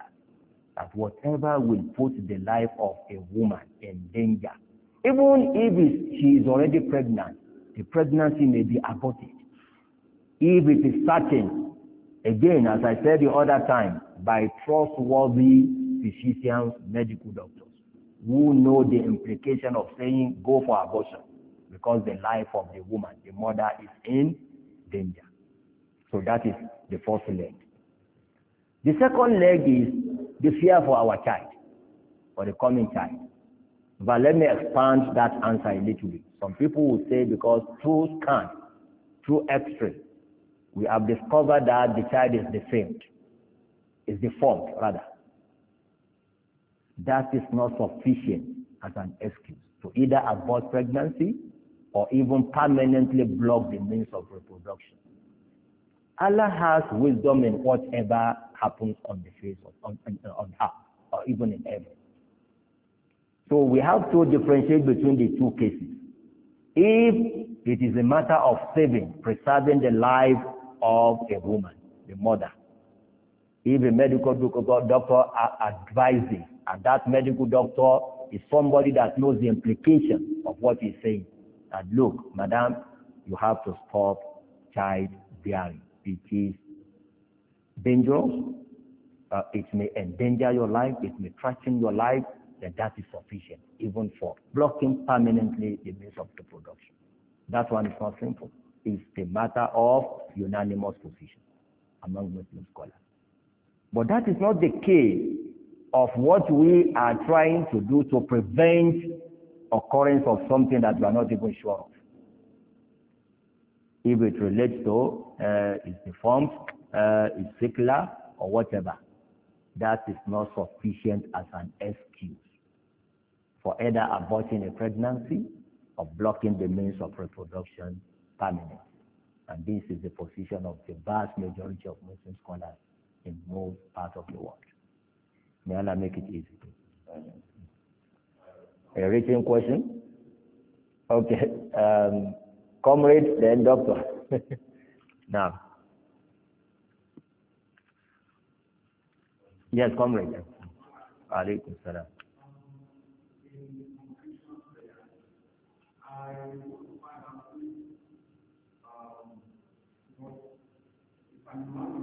[SPEAKER 2] that whatever will put the life of a woman in danger, even if she is already pregnant, the pregnancy may be aborted. If it is certain, again, as I said the other time, by trustworthy physicians, medical doctors, who know the implication of saying go for abortion because the life of the woman, the mother, is in danger. So that is the first leg. The second leg is the fear for our child, for the coming child. But let me expand that answer a little bit. Some people will say because through scan, through X-ray, we have discovered that the child is deformed, is deformed rather. That is not sufficient as an excuse to either abort pregnancy or even permanently block the means of reproduction. Allah has wisdom in whatever happens on the face of on, on, on earth or even in heaven. So we have to differentiate between the two cases. If it is a matter of saving, preserving the life of a woman, the mother, if a medical doctor advises, and that medical doctor is somebody that knows the implication of what he's saying, that look, madam, you have to stop childbearing it is dangerous, uh, it may endanger your life, it may threaten your life, then that is sufficient, even for blocking permanently the means of the production. That one is not simple. It's a matter of unanimous position among Muslim scholars. But that is not the case of what we are trying to do to prevent occurrence of something that we are not even sure of if it relates to uh, is deformed, uh, is secular, or whatever. That is not sufficient as an excuse for either aborting a pregnancy or blocking the means of reproduction permanently. And this is the position of the vast majority of Muslim scholars in most parts of the world. May Allah make it easy. A written question? Okay. Um, comrade, then doctor. now. Yes, comrade. Alaikum salam. Thank you. Um,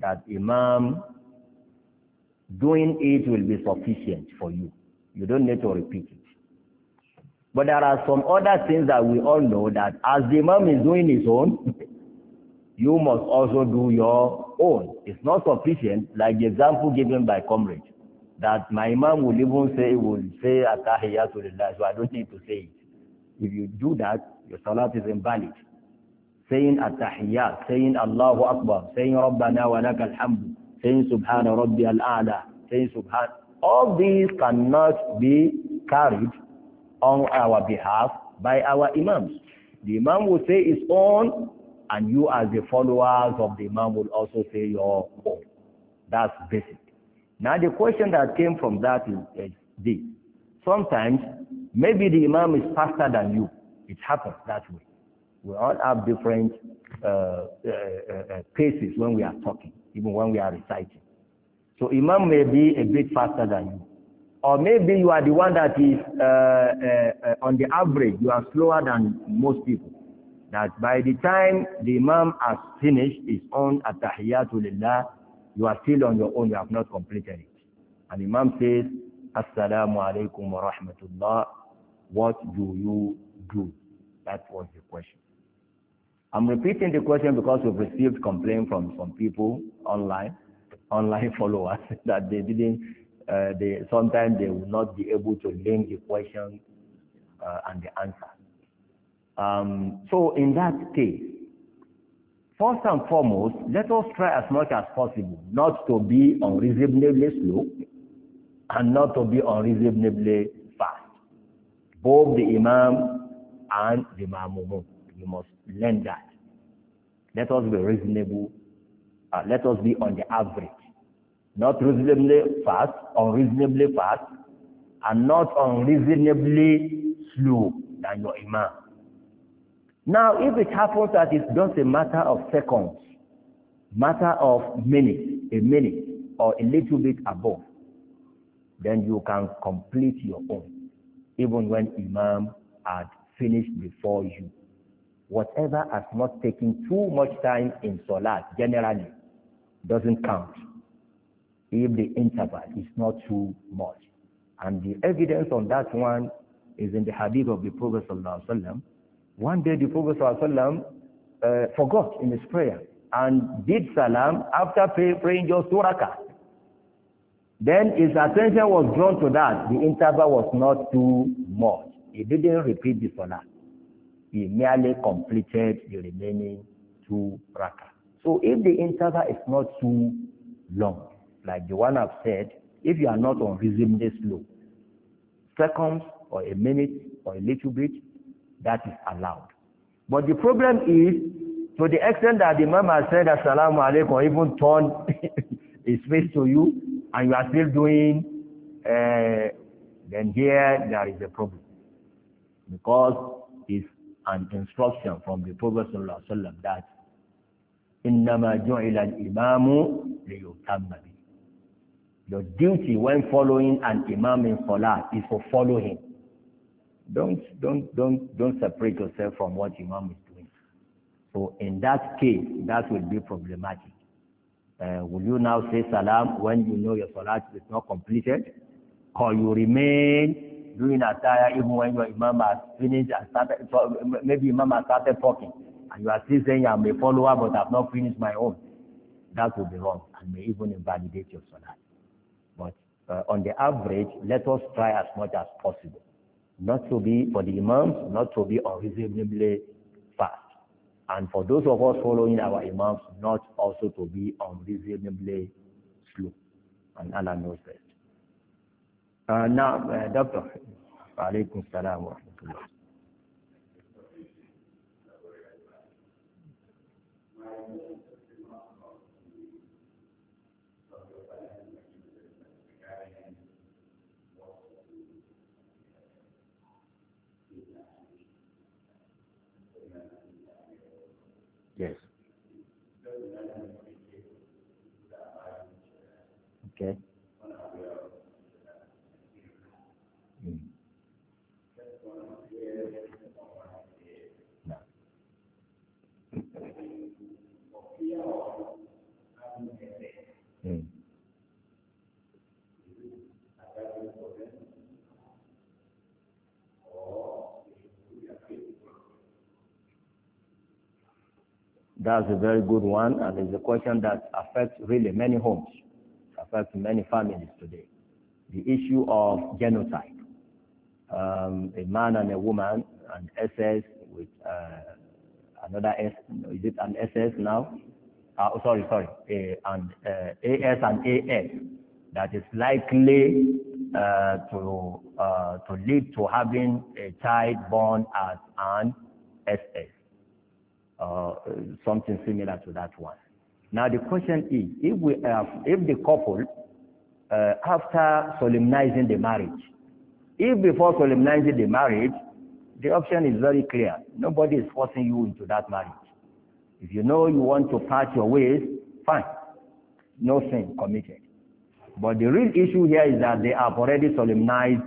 [SPEAKER 2] that Imam doing it will be sufficient for you. You don't need to repeat it. But there are some other things that we all know that as the Imam is doing his own, you must also do your own. It's not sufficient, like the example given by comrade, that my Imam will even say, will say, Atahiyatulillah, so I don't need to say it. If you do that, your salat is invalid. saying tahiyyat saying Allahu Akbar, saying Rabbana wa lakal hamd, saying Subhana Rabbi al-A'la, saying Subhan. All these cannot be carried on our behalf by our imams. The imam will say his own, and you as the followers of the imam will also say your own. That's basic. Now the question that came from that is, is this. Sometimes, maybe the imam is faster than you. It happens that way. We all have different uh, uh, uh, uh, paces when we are talking, even when we are reciting. So Imam may be a bit faster than you. Or maybe you are the one that is, uh, uh, on the average, you are slower than most people. That by the time the Imam has finished his own attahiyatu lillah, you are still on your own, you have not completed it. And Imam says, Assalamu alaikum wa rahmatullah. What do you do? That was the question. I'm repeating the question because we've received complaint from some people online, online followers, that they didn't, uh, they sometimes they will not be able to link the question uh, and the answer. Um, so in that case, first and foremost, let us try as much as possible not to be unreasonably slow and not to be unreasonably fast. Both the Imam and the Ma'mumun. You must learn that. Let us be reasonable. Uh, let us be on the average. Not reasonably fast, unreasonably fast, and not unreasonably slow than your imam. Now, if it happens that it's just a matter of seconds, matter of minutes, a minute, or a little bit above, then you can complete your own, even when imam had finished before you whatever has not taken too much time in salah generally doesn't count if the interval is not too much. And the evidence on that one is in the hadith of the Prophet ﷺ. One day the Prophet ﷺ uh, forgot in his prayer and did salam after pray, praying just two rakah. Then his attention was drawn to that. The interval was not too much. He didn't repeat the salah. he merely completed the remaining two rakah. So if the interval is not too long, like the one I've said, if you are not on unreasonably slow, seconds or a minute or a little bit, that is allowed. But the problem is, to the extent that the Imam has said Assalamu alaikum, even turned his face to you, and you are still doing, uh, then here there is a problem. Because an instruction from the Prophet sallallahu alaihi wasallam that innama ju'ila al-imamu Your duty when following an imam in salah is to follow him. Don't don't don't don't separate yourself from what imam is doing. So in that case, that will be problematic. Uh, will you now say salam when you know your salah is not completed, or you remain during attire, even when your imam has finished and started, maybe imam has started talking, and you are still saying, I'm a follower, but I've not finished my own. That would be wrong and may even invalidate your salah. But uh, on the average, let us try as much as possible. Not to be, for the imams, not to be unreasonably fast. And for those of us following our imams, not also to be unreasonably slow. And Allah knows best. آه، نعم آه، دكتور وعليكم السلام ورحمة الله
[SPEAKER 1] Yes. Okay.
[SPEAKER 2] That's a very good one, and it's a question that affects really many homes, affects many families today. The issue of genocide. Um, a man and a woman, an SS with uh, another S, is it an SS now? Uh, oh, sorry, sorry, a, uh, AS and AS that is likely uh, to uh, to lead to having a child born as an SS. Uh, something similar to that one. Now the question is, if we have, if the couple, uh, after solemnizing the marriage, if before solemnizing the marriage, the option is very clear. Nobody is forcing you into that marriage. If you know you want to part your ways, fine. No sin committed. But the real issue here is that they have already solemnized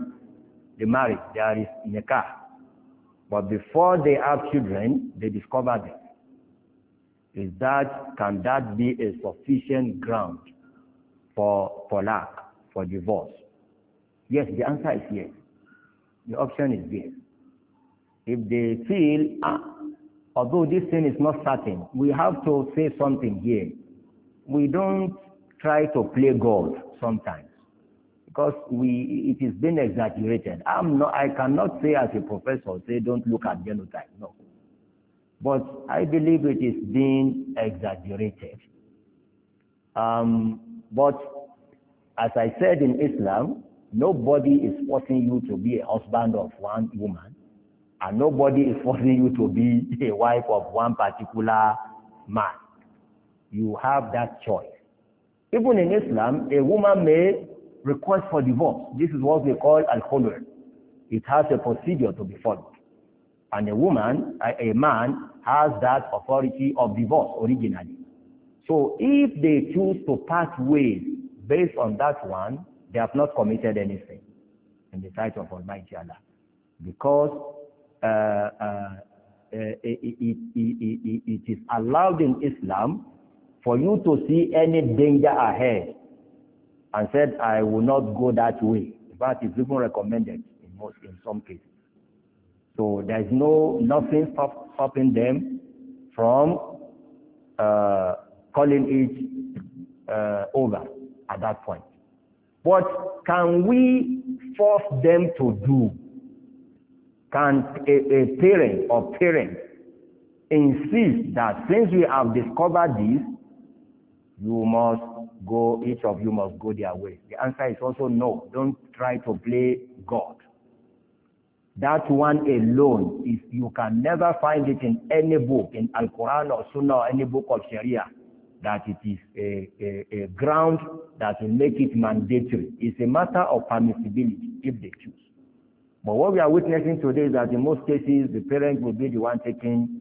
[SPEAKER 2] the marriage. There is nikah. But before they have children, they discover them. Is that, can that be a sufficient ground for for lack for divorce? Yes, the answer is yes. The option is yes. If they feel, ah, although this thing is not certain, we have to say something here. We don't try to play God sometimes because we it is being exaggerated. I'm not I cannot say as a professor say don't look at genotype. No. But I believe it is being exaggerated. Um, but as I said in Islam, nobody is forcing you to be a husband of one woman, and nobody is forcing you to be a wife of one particular man. You have that choice. Even in Islam, a woman may request for divorce. This is what we call al-khulur. It has a procedure to be followed. And a woman, a, a man, has that authority of divorce originally. So if they choose to part ways based on that one, they have not committed anything in the sight of Almighty Allah. Because uh, uh, it, it, it, it is allowed in Islam for you to see any danger ahead and said, I will not go that way. In it's even recommended in, most, in some cases. So there is no nothing stop, stopping them from uh, calling it uh, over at that point. But can we force them to do? Can a, a parent or parents insist that since we have discovered this, you must go, each of you must go their way? The answer is also no. Don't try to play God. That one alone, if you can never find it in any book, in Al-Quran or Sunnah or any book of Sharia, that it is a, a, a ground that will make it mandatory. It's a matter of permissibility, if they choose. But what we are witnessing today is that in most cases, the parent will be the one taking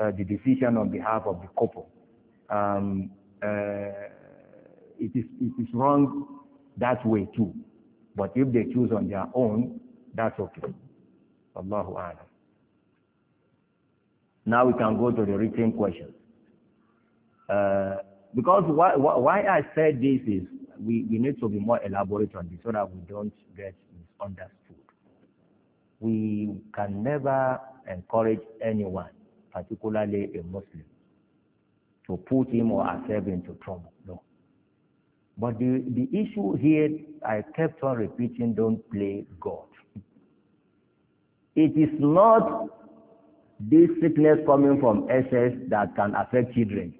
[SPEAKER 2] uh, the decision on behalf of the couple. Um, uh, it, is, it is wrong that way too. But if they choose on their own, that's okay. Allahu A'lam. Now we can go to the written question. Uh, because why, why I said this is we, we need to be more elaborate on this so that we don't get misunderstood. We can never encourage anyone, particularly a Muslim, to put him or herself into trouble. No. But the, the issue here, I kept on repeating, don't play God. It is not this sickness coming from excess that can affect children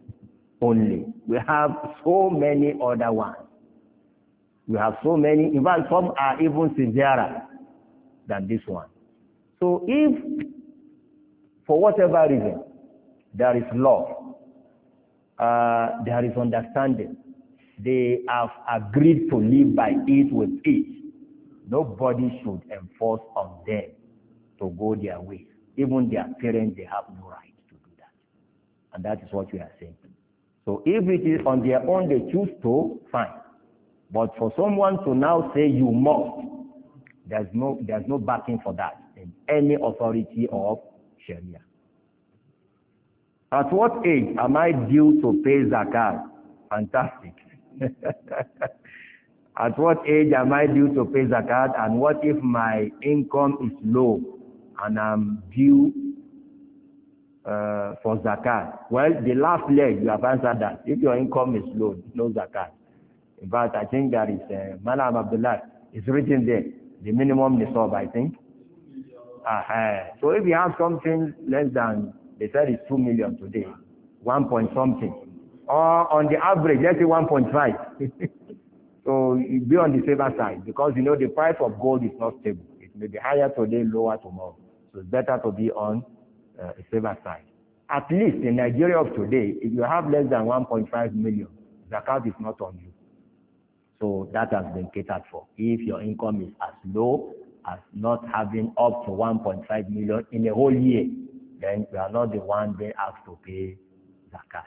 [SPEAKER 2] only. We have so many other ones. We have so many. In fact, some are even severer than this one. So if, for whatever reason, there is love, uh, there is understanding, they have agreed to live by it with it, nobody should enforce on them to go their way. Even their parents, they have no right to do that. And that is what we are saying. So if it is on their own they choose to, fine. But for someone to now say you must, there's no there's no backing for that in any authority of Sharia. At what age am I due to pay zakat? Fantastic. At what age am I due to pay zakat and what if my income is low? and I'm due uh, for zakat. Well, the last leg, you have answered that. If your income is low, no zakat. In fact, I think that is, uh, Malam Abdullah, it's written there, the minimum nisab, I think. Uh -huh. So if you have something less than, they said it's 2 million today, 1 point something. Or on the average, let's say 1.5. so be on the safer side because, you know, the price of gold is not stable. It may be higher today, lower tomorrow. So it's better to be on uh, a safer side. At least in Nigeria of today, if you have less than 1.5 million, zakat is not on you. So that has been catered for. If your income is as low as not having up to 1.5 million in a whole year, then you are not the one being asked to pay zakat.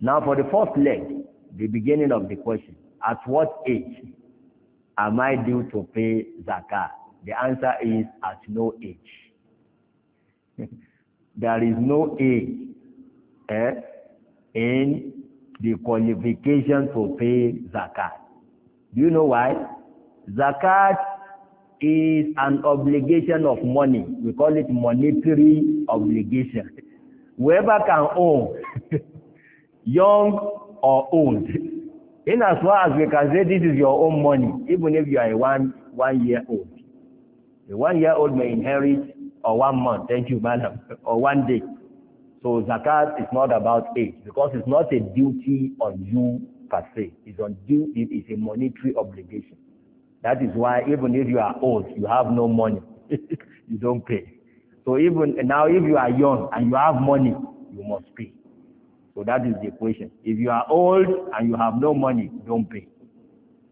[SPEAKER 2] Now for the first leg, the beginning of the question, at what age am I due to pay zakat? The answer is at no age. there is no age eh, in the qualification to pay zakat. Do you know why? Zakat is an obligation of money. We call it monetary obligation. Whoever can own, young or old, in as far as we can say this is your own money, even if you are a one, one year old. A one year old may inherit or one month. Thank you, madam. Or one day. So zakat is not about age because it's not a duty on you per se. It's on due, it is a monetary obligation. That is why even if you are old, you have no money, you don't pay. So even now if you are young and you have money, you must pay. So that is the equation. If you are old and you have no money, don't pay.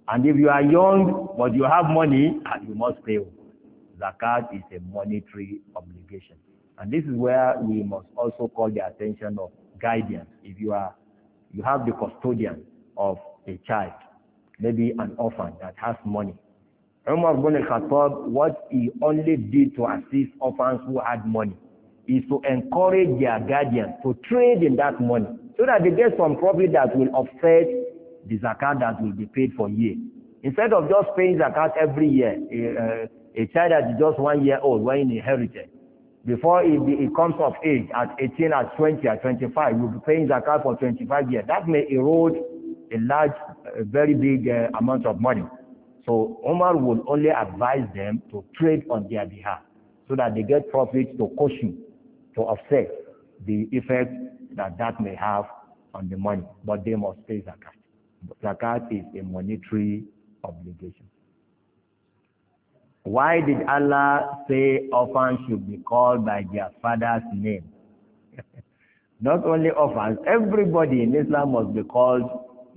[SPEAKER 2] And if you are young but you have money, ah, you must pay zakat is a monetary obligation. And this is where we must also call the attention of guardians. If you are, you have the custodian of a child, maybe an orphan that has money. Umar ibn al-Khattab, what he only did to assist orphans who had money is to encourage their guardians to trade in that money so that they get some profit that will offset the zakat that will be paid for year. Instead of just paying zakat every year, eh, eh, A child that is just one year old when inherited, before he, he comes of age at 18, at 20, at 25, you'll be paying zakat for 25 years. That may erode a large, a very big uh, amount of money. So Omar would only advise them to trade on their behalf so that they get profits to cushion, to offset the effect that that may have on the money. But they must pay zakat. Zakat is a monetary obligation. Why did Allah say orphans should be called by their father's name? Not only orphans, everybody in Islam must be called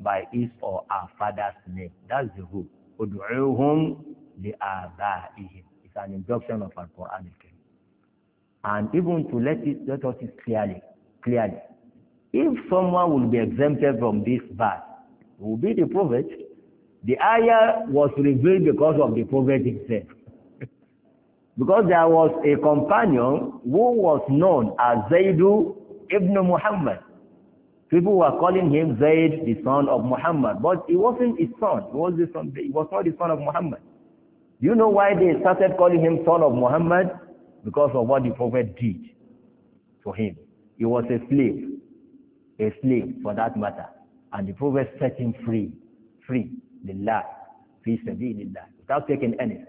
[SPEAKER 2] by his or her father's name. That's the rule. Udu'uhum li'adha'ihim. It's an injunction of our quran And even to let it, let us see clearly, clearly. If someone will be exempted from this verse, will be the prophet. The ayah was revealed because of the prophet himself. Because there was a companion who was known as Zaidu ibn Muhammad. People were calling him Zaid, the son of Muhammad. But he wasn't his son. He was, the son, he was not the son of Muhammad. Do you know why they started calling him son of Muhammad? Because of what the prophet did for him. He was a slave. A slave, for that matter. And the prophet set him free. Free. Lillah. Fi sabilillah. Without taking anything.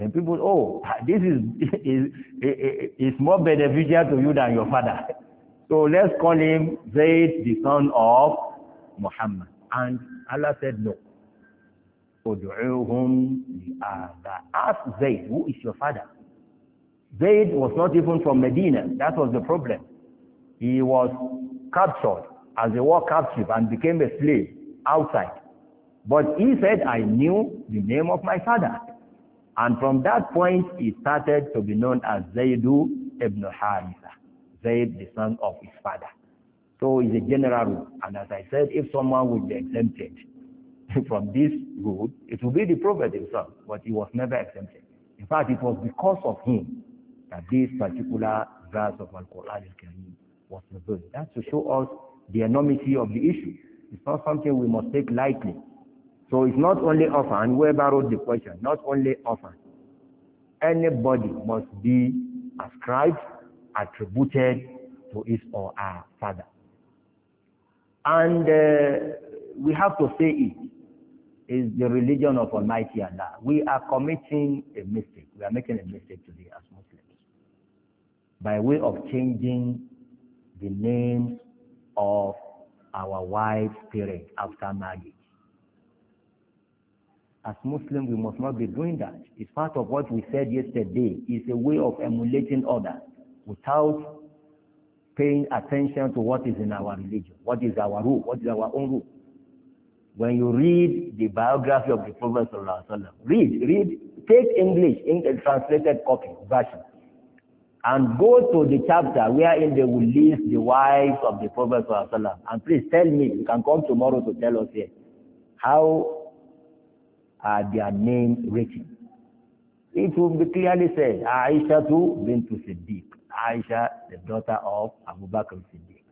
[SPEAKER 2] And people, oh, this is, is, is more beneficial to you than your father. So let's call him Zayd, the son of Muhammad. And Allah said, no. Ask Zayd, who is your father? Zayd was not even from Medina. That was the problem. He was captured as a war captive and became a slave outside. But he said, I knew the name of my father. And from that point, he started to be known as Zaidu ibn Haritha, Zaid, the son of his father. So it's a general rule. And as I said, if someone would be exempted from this rule, it would be the prophet himself, but he was never exempted. In fact, it was because of him that this particular verse of Al-Quran al-Karim was revealed. That's to show us the enormity of the issue. It's not something we must take lightly. So it's not only orphan, whoever wrote the question, not only orphan. Anybody must be ascribed, attributed to his or her father. And uh, we have to say it is the religion of Almighty Allah. We are committing a mistake. We are making a mistake today as Muslims by way of changing the names of our wife's parents after marriage. As Muslims, we must not be doing that. It's part of what we said yesterday. It's a way of emulating others without paying attention to what is in our religion, what is our rule, what is our own rule. When you read the biography of the Prophet read, read, take English, in the translated copy, version, and go to the chapter wherein they will list the wives of the Prophet and please tell me, you can come tomorrow to tell us here, how are their name written. It will be clearly said, Aisha too bint Siddiq. Aisha, the daughter of Abu Bakr Siddiq.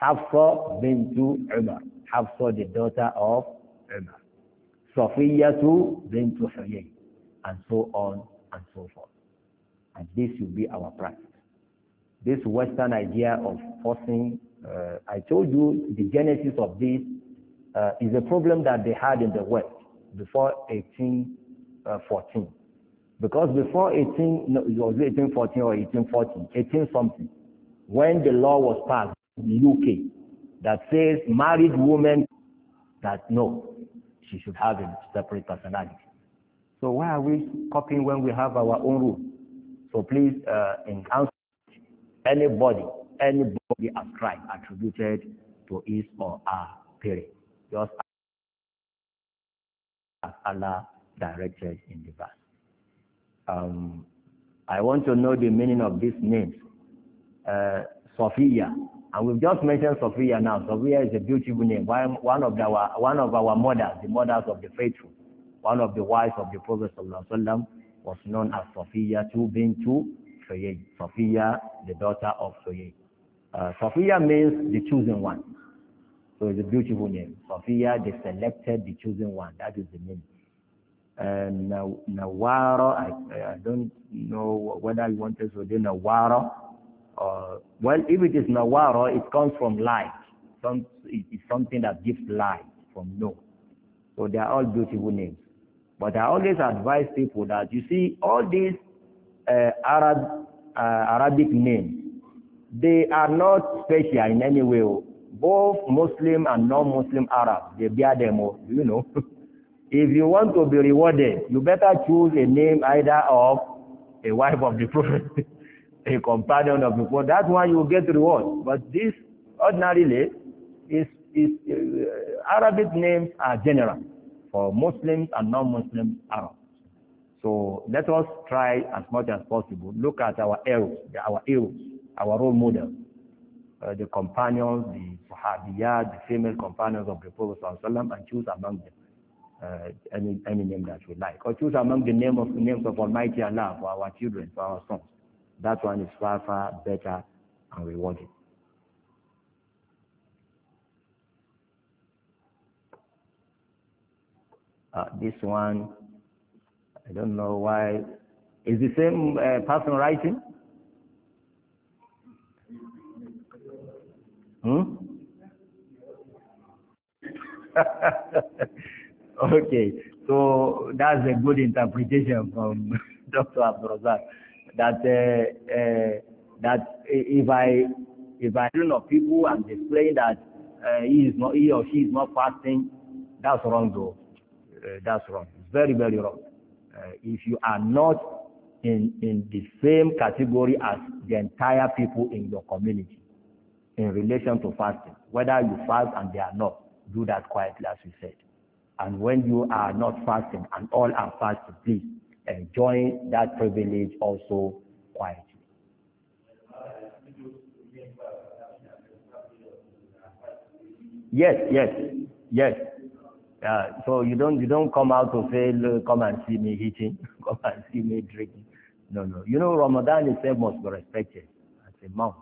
[SPEAKER 2] Hafsa bintu Umar. Hafsa, the daughter of Umar. Safiya bintu Huyay. And so on and so forth. And this will be our practice. This Western idea of forcing, uh, I told you the genesis of this uh, is a problem that they had in the West before 1814. Uh, because before 18, no, it was 1814 or 1814, 18 something, when the law was passed in the UK that says married woman that no, she should have a separate personality. So why are we copying when we have our own rule? So please uh, enhance anybody, anybody ascribed attributed to his or her parent. Just Allah directed in the verse. Um, I want to know the meaning of these names. Uh, Sophia, and we've just mentioned Sophia now. Sophia is a beautiful name. One of our one of our mothers, the mothers of the faithful, one of the wives of the Prophet was known as Sophia to Bintu Soyei. Sophia, the daughter of Soye. Uh, Sophia means the chosen one. So it's a beautiful name. Sophia, they selected the chosen one. That is the name. And uh, Nawaro, I, I don't know whether you want to do Nawaro. Uh, well, if it is Nawaro, it comes from light. Some, it is something that gives light from no. So they are all beautiful names. But I always advise people that you see all these uh, Arab, uh, Arabic names, they are not special in any way. Oh both Muslim and non-Muslim Arabs, they bear them all, you know. if you want to be rewarded, you better choose a name either of a wife of the Prophet, a companion of the Prophet. That's why you get reward. But this, ordinarily, is, is uh, Arabic names are general for Muslims and non-Muslim Arabs. So let us try as much as possible. Look at our heroes, our heroes, our role models uh, the companions, the Sahabiya, the female companions of the Prophet ﷺ, and choose among them uh, any, any name that we like. Or choose among the name of, names of Almighty Allah for our children, for our sons. That one is far, far better and rewarding. Uh, this one, I don't know why. Is the same uh, person writing? hmm? okay so that's a good interpretation from dr abdurrazak that uh, uh, that if i if i don't know people and displaying that uh, he is not he or she is not fasting that's wrong though uh, that's wrong it's very very wrong uh, if you are not in in the same category as the entire people in your community in relation to fasting. Whether you fast and they are not, do that quietly as we said. And when you are not fasting and all are fasting, please enjoy eh, that privilege also quietly. Yes, yes, yes. Uh, so you don't you don't come out to say, come and see me eating, come and see me drinking. No, no. You know, Ramadan itself must be respected as a month.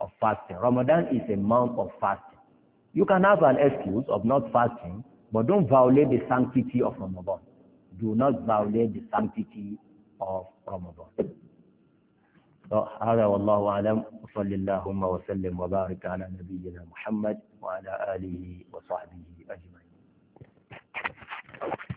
[SPEAKER 2] of fasting. Ramadan is a month of fasting. You can have an excuse of not fasting, but don't violate the sanctity of Ramadan. Do not violate the sanctity of Ramadan. هذا والله أعلم وصلى اللهم وسلم وبارك على نبينا محمد وعلى آله وصحبه أجمعين